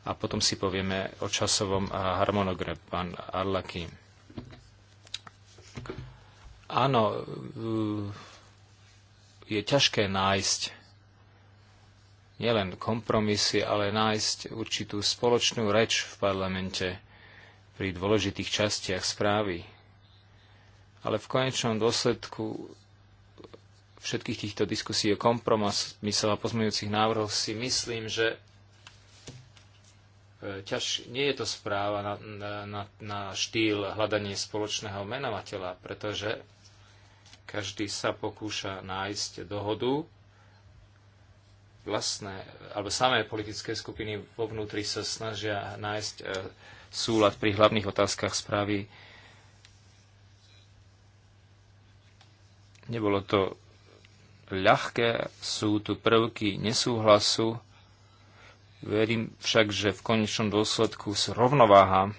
a potom si povieme o časovom harmonogre pán Arlaki. Áno, e, je ťažké nájsť nielen kompromisy, ale nájsť určitú spoločnú reč v parlamente pri dôležitých častiach správy. Ale v konečnom dôsledku všetkých týchto diskusí o kompromisov a pozmeňujúcich návrhov si myslím, že e, ťaž, nie je to správa na, na, na štýl hľadanie spoločného menovateľa, pretože každý sa pokúša nájsť dohodu. Vlastné, alebo samé politické skupiny vo vnútri sa snažia nájsť e, súlad pri hlavných otázkach správy. Nebolo to ľahké, sú tu prvky nesúhlasu. Verím však, že v konečnom dôsledku rovnováha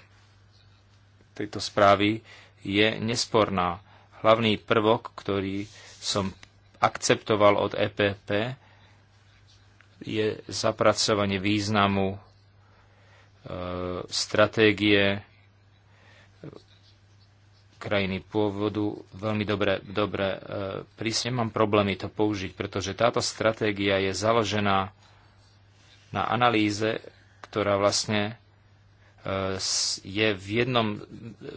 tejto správy je nesporná. Hlavný prvok, ktorý som akceptoval od EPP, je zapracovanie významu E, stratégie krajiny pôvodu veľmi dobre, dobre e, prísne mám problémy to použiť, pretože táto stratégia je založená na analýze, ktorá vlastne e, je v jednom,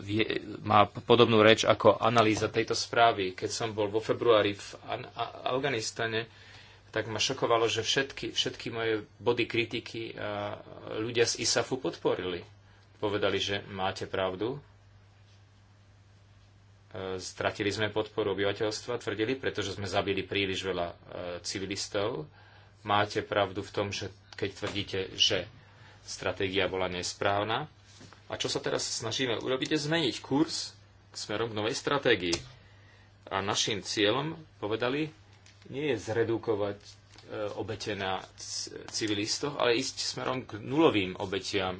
je, má podobnú reč ako analýza tejto správy. Keď som bol vo februári v An- Afganistane, tak ma šokovalo, že všetky, všetky moje body kritiky ľudia z ISAFu podporili. Povedali, že máte pravdu. E, stratili sme podporu obyvateľstva, tvrdili, pretože sme zabili príliš veľa e, civilistov. Máte pravdu v tom, že keď tvrdíte, že stratégia bola nesprávna. A čo sa teraz snažíme urobiť, je zmeniť kurz smerom k novej stratégii. A našim cieľom, povedali, nie je zredukovať e, obete na civilistoch, ale ísť smerom k nulovým obetiam.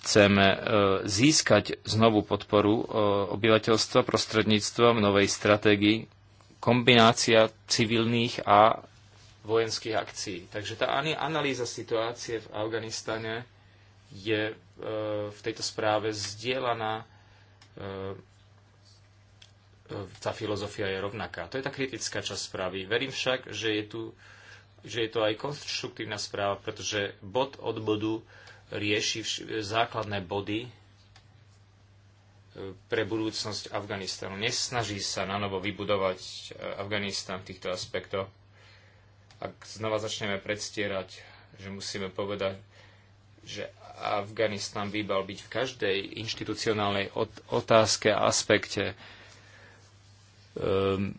Chceme e, získať znovu podporu e, obyvateľstva prostredníctvom novej stratégii kombinácia civilných a vojenských akcií. Takže tá analýza situácie v Afganistane je v tejto správe zdieľaná tá filozofia je rovnaká. To je tá kritická časť správy. Verím však, že je, tu, že je to aj konštruktívna správa, pretože bod od bodu rieši základné body e, pre budúcnosť Afganistanu. Nesnaží sa na novo vybudovať e, Afganistan v týchto aspektoch. Ak znova začneme predstierať, že musíme povedať, že Afganistan by mal byť v každej inštitucionálnej otázke a aspekte Ehm,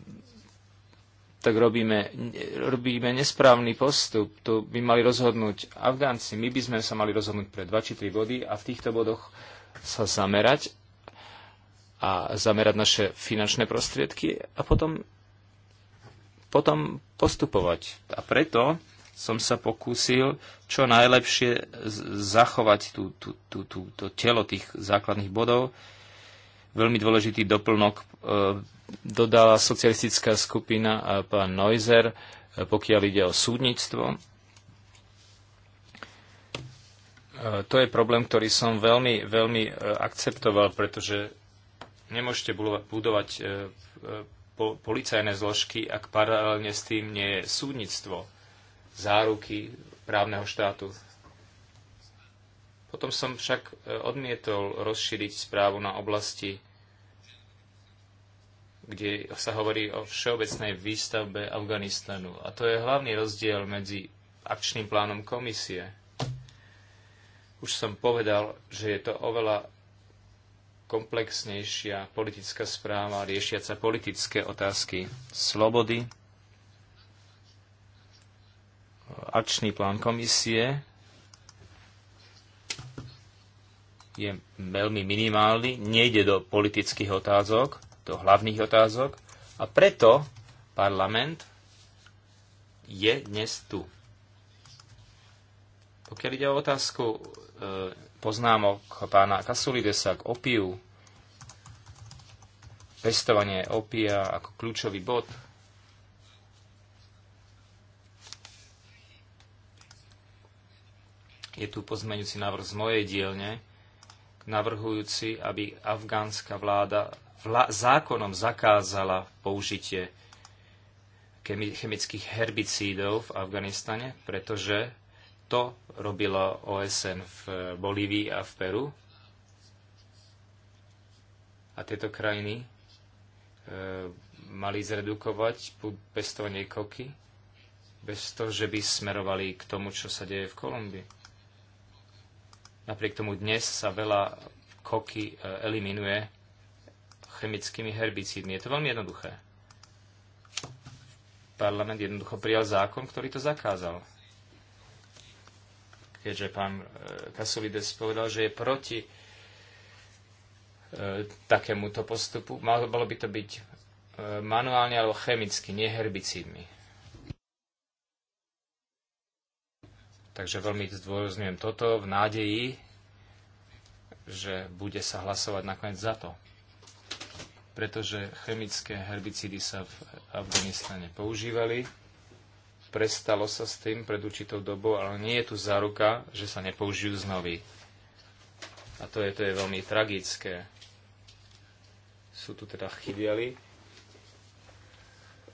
tak robíme, robíme nesprávny postup. To by mali rozhodnúť Afgánci. My by sme sa mali rozhodnúť pre 2 či 3 body a v týchto bodoch sa zamerať a zamerať naše finančné prostriedky a potom, potom postupovať. A preto som sa pokúsil čo najlepšie zachovať tú, tú, tú, tú, to telo tých základných bodov. Veľmi dôležitý doplnok e, dodala socialistická skupina a pán Neuser, pokiaľ ide o súdnictvo. To je problém, ktorý som veľmi, veľmi e, akceptoval, pretože nemôžete budovať e, e, policajné zložky, ak paralelne s tým nie je súdnictvo, záruky právneho štátu. Potom som však odmietol rozšíriť správu na oblasti kde sa hovorí o všeobecnej výstavbe Afganistanu. A to je hlavný rozdiel medzi akčným plánom komisie. Už som povedal, že je to oveľa komplexnejšia politická správa riešiaca politické otázky slobody. Akčný plán komisie je veľmi minimálny, nejde do politických otázok, do hlavných otázok a preto parlament je dnes tu. Pokiaľ ide o otázku e, poznámok pána Kasulidesa k opiu, pestovanie opia ako kľúčový bod, je tu pozmeňujúci návrh z mojej dielne, navrhujúci, aby afgánska vláda zákonom zakázala použitie chemických herbicídov v Afganistane, pretože to robilo OSN v Bolívii a v Peru. A tieto krajiny e, mali zredukovať pestovanie koky bez toho, že by smerovali k tomu, čo sa deje v Kolumbii. Napriek tomu dnes sa veľa koky e, eliminuje chemickými herbicídmi. Je to veľmi jednoduché. Parlament jednoducho prijal zákon, ktorý to zakázal. Keďže pán e, Kasovides povedal, že je proti e, takémuto postupu, malo by to byť e, manuálne alebo chemicky, nie herbicídmi. Takže veľmi zdôrazňujem toto v nádeji, že bude sa hlasovať nakoniec za to pretože chemické herbicídy sa v Afganistane používali. Prestalo sa s tým pred určitou dobou, ale nie je tu záruka, že sa nepoužijú znovy. A to je, to je veľmi tragické. Sú tu teda chybiali.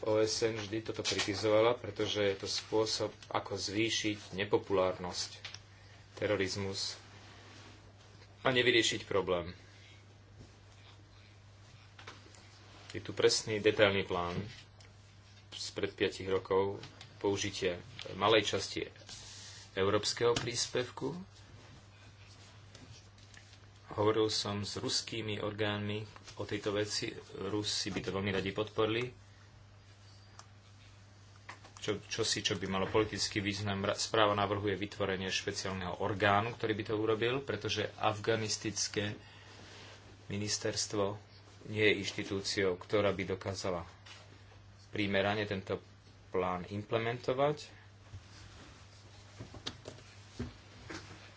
OSN vždy toto kritizovala, pretože je to spôsob, ako zvýšiť nepopulárnosť, terorizmus a nevyriešiť problém. Je tu presný detailný plán spred 5 rokov použitie malej časti európskeho príspevku. Hovoril som s ruskými orgánmi o tejto veci. Rusi by to veľmi radi podporili. Čo, čo si, čo by malo politický význam, správa navrhuje vytvorenie špeciálneho orgánu, ktorý by to urobil, pretože afganistické ministerstvo nie je inštitúciou, ktorá by dokázala primerane tento plán implementovať.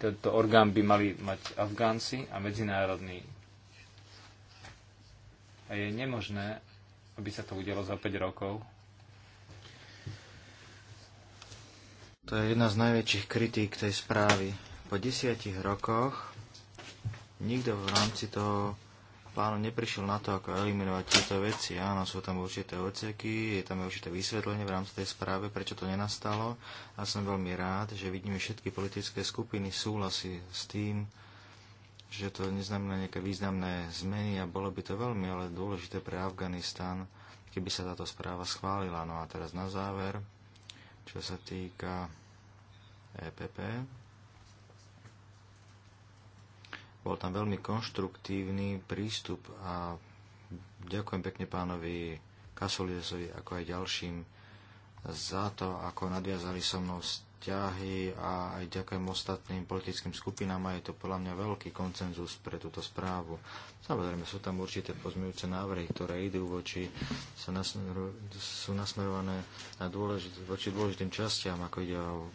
Tento orgán by mali mať Afgánci a medzinárodný. A je nemožné, aby sa to udialo za 5 rokov. To je jedna z najväčších kritík tej správy. Po desiatich rokoch nikto v rámci toho Pán neprišiel na to, ako eliminovať tieto veci. Áno, sú tam určité oceky, je tam určité vysvetlenie v rámci tej správy, prečo to nenastalo. A som veľmi rád, že vidíme všetky politické skupiny súhlasí s tým, že to neznamená nejaké významné zmeny a bolo by to veľmi ale dôležité pre Afganistan, keby sa táto správa schválila. No a teraz na záver, čo sa týka EPP, bol tam veľmi konštruktívny prístup a ďakujem pekne pánovi Kasolidesovi ako aj ďalším za to, ako nadviazali so mnou vzťahy a aj ďakujem ostatným politickým skupinám a je to podľa mňa veľký koncenzus pre túto správu. Samozrejme sú tam určité pozmejúce návrhy, ktoré idú voči, sa nasmeru, sú nasmerované na dôležit, voči dôležitým častiam, ako ide o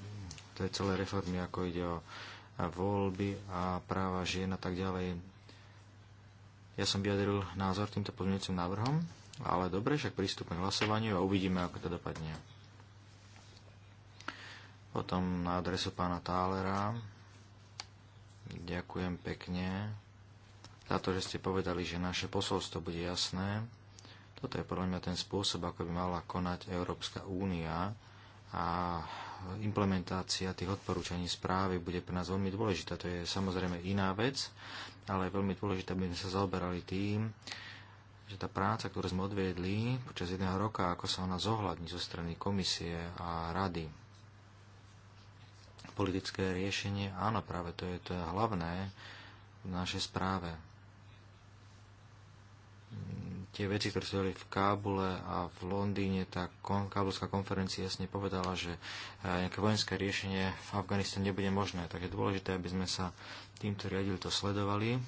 tej celé reformy, ako ide o voľby a práva žien a tak ďalej. Ja som vyjadril názor týmto pozmeňujúcim návrhom, ale dobre, však prístupme k hlasovaniu a uvidíme, ako to dopadne. Potom na adresu pána Tálera. Ďakujem pekne za to, že ste povedali, že naše posolstvo bude jasné. Toto je podľa mňa ten spôsob, ako by mala konať Európska únia a implementácia tých odporúčaní správy bude pre nás veľmi dôležitá. To je samozrejme iná vec, ale je veľmi dôležité, aby sme sa zaoberali tým, že tá práca, ktorú sme odviedli počas jedného roka, ako sa ona zohľadní zo strany komisie a rady. Politické riešenie, áno, práve to je to hlavné v našej správe tie veci, ktoré sa v Kábule a v Londýne, tá kon, kábulská konferencia jasne povedala, že e, nejaké vojenské riešenie v Afganistane nebude možné. Takže dôležité, aby sme sa týmto riadili, to sledovali.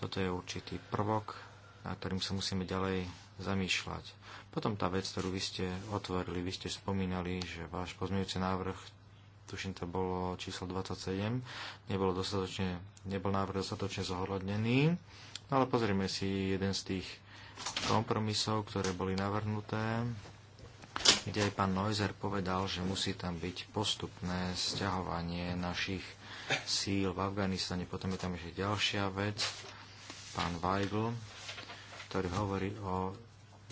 Toto je určitý prvok, na ktorým sa musíme ďalej zamýšľať. Potom tá vec, ktorú vy ste otvorili, vy ste spomínali, že váš pozmeňujúci návrh tuším to bolo číslo 27, nebolo dostatočne, nebol návrh dostatočne zohľadnený. No ale pozrime si jeden z tých kompromisov, ktoré boli navrhnuté, kde aj pán Neuser povedal, že musí tam byť postupné sťahovanie našich síl v Afganistane. Potom je tam ešte ďalšia vec, pán Weigl, ktorý hovorí o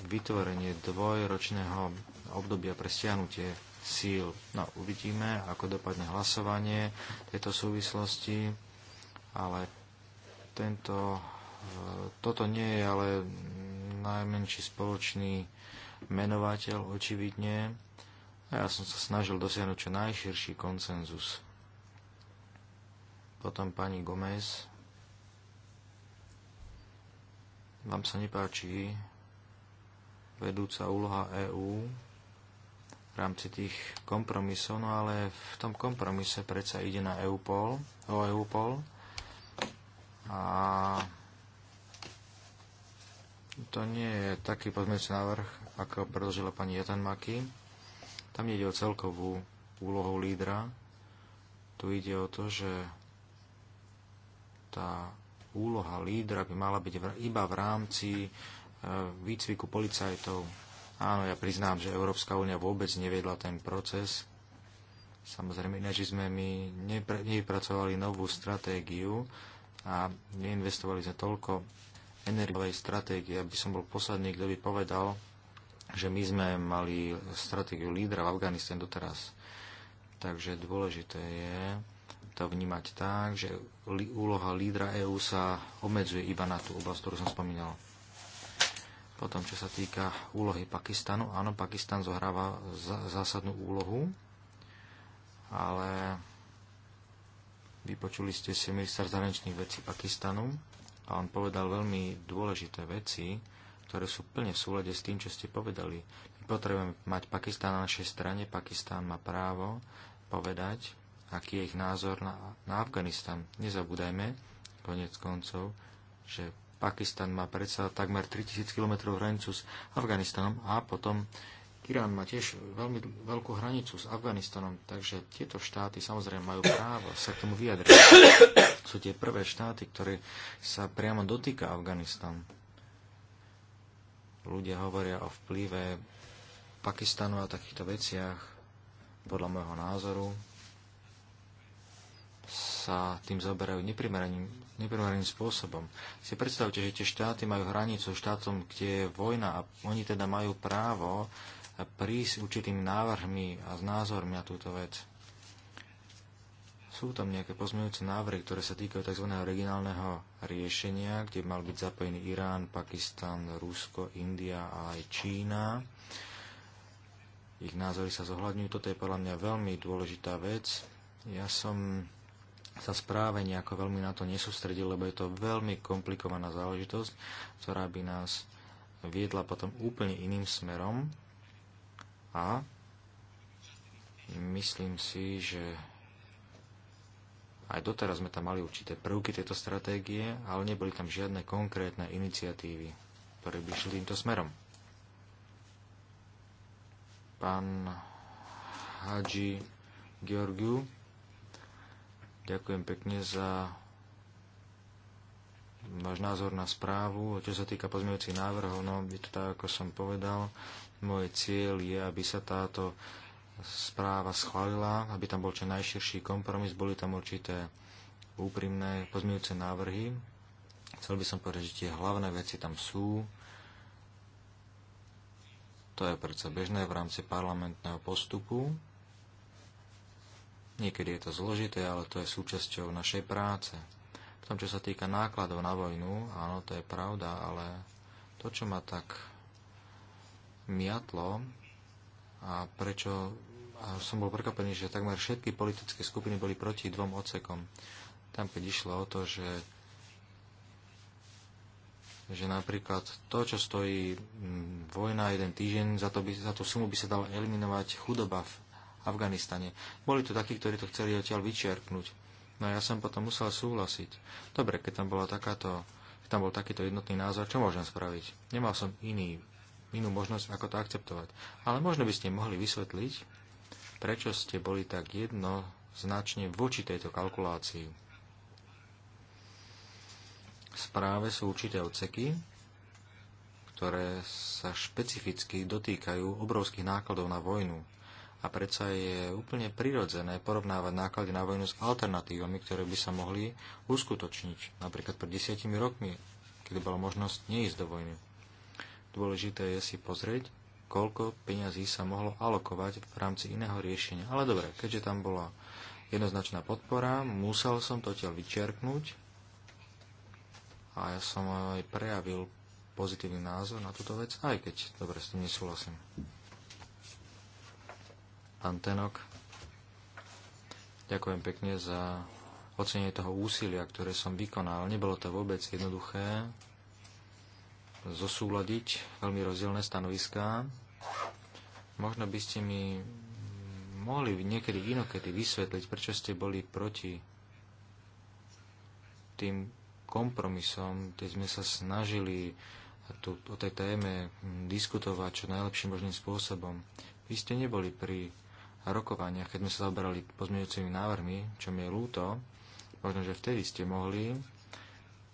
vytvorenie dvojročného obdobia pre stiahnutie síl. No, uvidíme, ako dopadne hlasovanie tejto súvislosti, ale tento toto nie je ale najmenší spoločný menovateľ, očividne. A ja som sa snažil dosiahnuť čo najširší konsenzus. Potom pani Gomez. Vám sa nepáči vedúca úloha EÚ v rámci tých kompromisov, no ale v tom kompromise predsa ide na EUPOL, o EUPOL a to nie je taký pozmeňujúci návrh, ako predložila pani Jatanmaki. Tam ide o celkovú úlohu lídra. Tu ide o to, že tá úloha lídra by mala byť iba v rámci e, výcviku policajtov. Áno, ja priznám, že Európska únia vôbec neviedla ten proces. Samozrejme, ináč sme my nevypracovali novú stratégiu a neinvestovali sme toľko energiovej stratégie. Aby som bol posledný, kto by povedal, že my sme mali stratégiu lídra v Afganistane doteraz. Takže dôležité je to vnímať tak, že úloha lídra EÚ sa obmedzuje iba na tú oblasť, ktorú som spomínal. Potom, čo sa týka úlohy Pakistanu, áno, Pakistan zohráva zásadnú úlohu, ale vypočuli ste si minister zahraničných vecí Pakistanu, a on povedal veľmi dôležité veci, ktoré sú plne v súlade s tým, čo ste povedali. My potrebujeme mať Pakistán na našej strane, Pakistán má právo povedať, aký je ich názor na, na Afganistan. Nezabúdajme, konec koncov, že Pakistan má predsa takmer 3000 km hranicu s Afganistanom a potom Irán má tiež veľmi veľkú hranicu s Afganistanom, takže tieto štáty samozrejme majú právo sa k tomu vyjadriť sú tie prvé štáty, ktoré sa priamo dotýka Afganistan. Ľudia hovoria o vplyve Pakistanu a takýchto veciach. Podľa môjho názoru sa tým zaberajú neprimeraným, neprimeraným spôsobom. Si predstavte, že tie štáty majú hranicu štátom, kde je vojna a oni teda majú právo prísť určitými návrhmi a s názormi na túto vec. Sú tam nejaké pozmeňujúce návrhy, ktoré sa týkajú tzv. originálneho riešenia, kde mal byť zapojený Irán, Pakistan, Rusko, India a aj Čína. Ich názory sa zohľadňujú. Toto je podľa mňa veľmi dôležitá vec. Ja som sa správe nejako veľmi na to nesústredil, lebo je to veľmi komplikovaná záležitosť, ktorá by nás viedla potom úplne iným smerom. A myslím si, že aj doteraz sme tam mali určité prvky tejto stratégie, ale neboli tam žiadne konkrétne iniciatívy, ktoré by šli týmto smerom. Pán Hadži Georgiu, ďakujem pekne za váš názor na správu. Čo sa týka pozmeňujúcich návrhov, no je to tak, ako som povedal. Môj cieľ je, aby sa táto správa schválila, aby tam bol čo najširší kompromis, boli tam určité úprimné pozmeňujúce návrhy. Chcel by som povedať, že tie hlavné veci tam sú. To je predsa bežné v rámci parlamentného postupu. Niekedy je to zložité, ale to je súčasťou našej práce. V tom, čo sa týka nákladov na vojnu, áno, to je pravda, ale to, čo ma tak miatlo a prečo a som bol prekvapený, že takmer všetky politické skupiny boli proti dvom ocekom. Tam, keď išlo o to, že, že napríklad to, čo stojí mm, vojna jeden týždeň, za, to by, za tú sumu by sa dala eliminovať chudoba v Afganistane. Boli to takí, ktorí to chceli odtiaľ vyčerpnúť. No a ja som potom musel súhlasiť. Dobre, keď tam bola takáto keď tam bol takýto jednotný názor, čo môžem spraviť? Nemal som iný, inú možnosť, ako to akceptovať. Ale možno by ste mohli vysvetliť, prečo ste boli tak jedno značne voči tejto kalkulácii. V správe sú určité odseky, ktoré sa špecificky dotýkajú obrovských nákladov na vojnu. A predsa je úplne prirodzené porovnávať náklady na vojnu s alternatívami, ktoré by sa mohli uskutočniť. Napríklad pred desiatimi rokmi, kedy bola možnosť neísť do vojny. Dôležité je si pozrieť, koľko peňazí sa mohlo alokovať v rámci iného riešenia. Ale dobre, keďže tam bola jednoznačná podpora, musel som to tiaľ vyčerknúť a ja som aj prejavil pozitívny názor na túto vec, aj keď dobre s tým nesúhlasím. Pán Tenok, ďakujem pekne za ocenenie toho úsilia, ktoré som vykonal. Nebolo to vôbec jednoduché, zosúľadiť veľmi rozdielne stanoviská. Možno by ste mi mohli niekedy inokedy vysvetliť, prečo ste boli proti tým kompromisom, keď sme sa snažili tu, o tej téme diskutovať čo najlepším možným spôsobom. Vy ste neboli pri rokovaniach, keď sme sa zaoberali pozmeňujúcimi návrhmi, čo mi je lúto. Možno, že vtedy ste mohli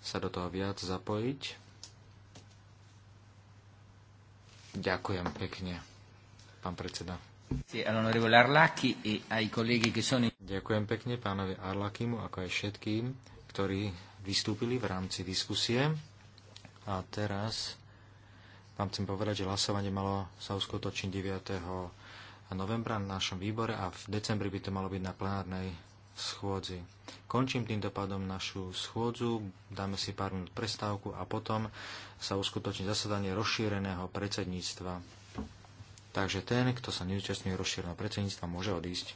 sa do toho viac zapojiť Ďakujem pekne, pán predseda. E Ďakujem pekne pánovi Arlakimu, ako aj všetkým, ktorí vystúpili v rámci diskusie. A teraz vám chcem povedať, že hlasovanie malo sa uskutočniť 9. novembra na našom výbore a v decembri by to malo byť na plenárnej schôdzi. Končím týmto pádom našu schôdzu, dáme si pár minút prestávku a potom sa uskutoční zasadanie rozšíreného predsedníctva. Takže ten, kto sa neúčastňuje rozšíreného predsedníctva, môže odísť.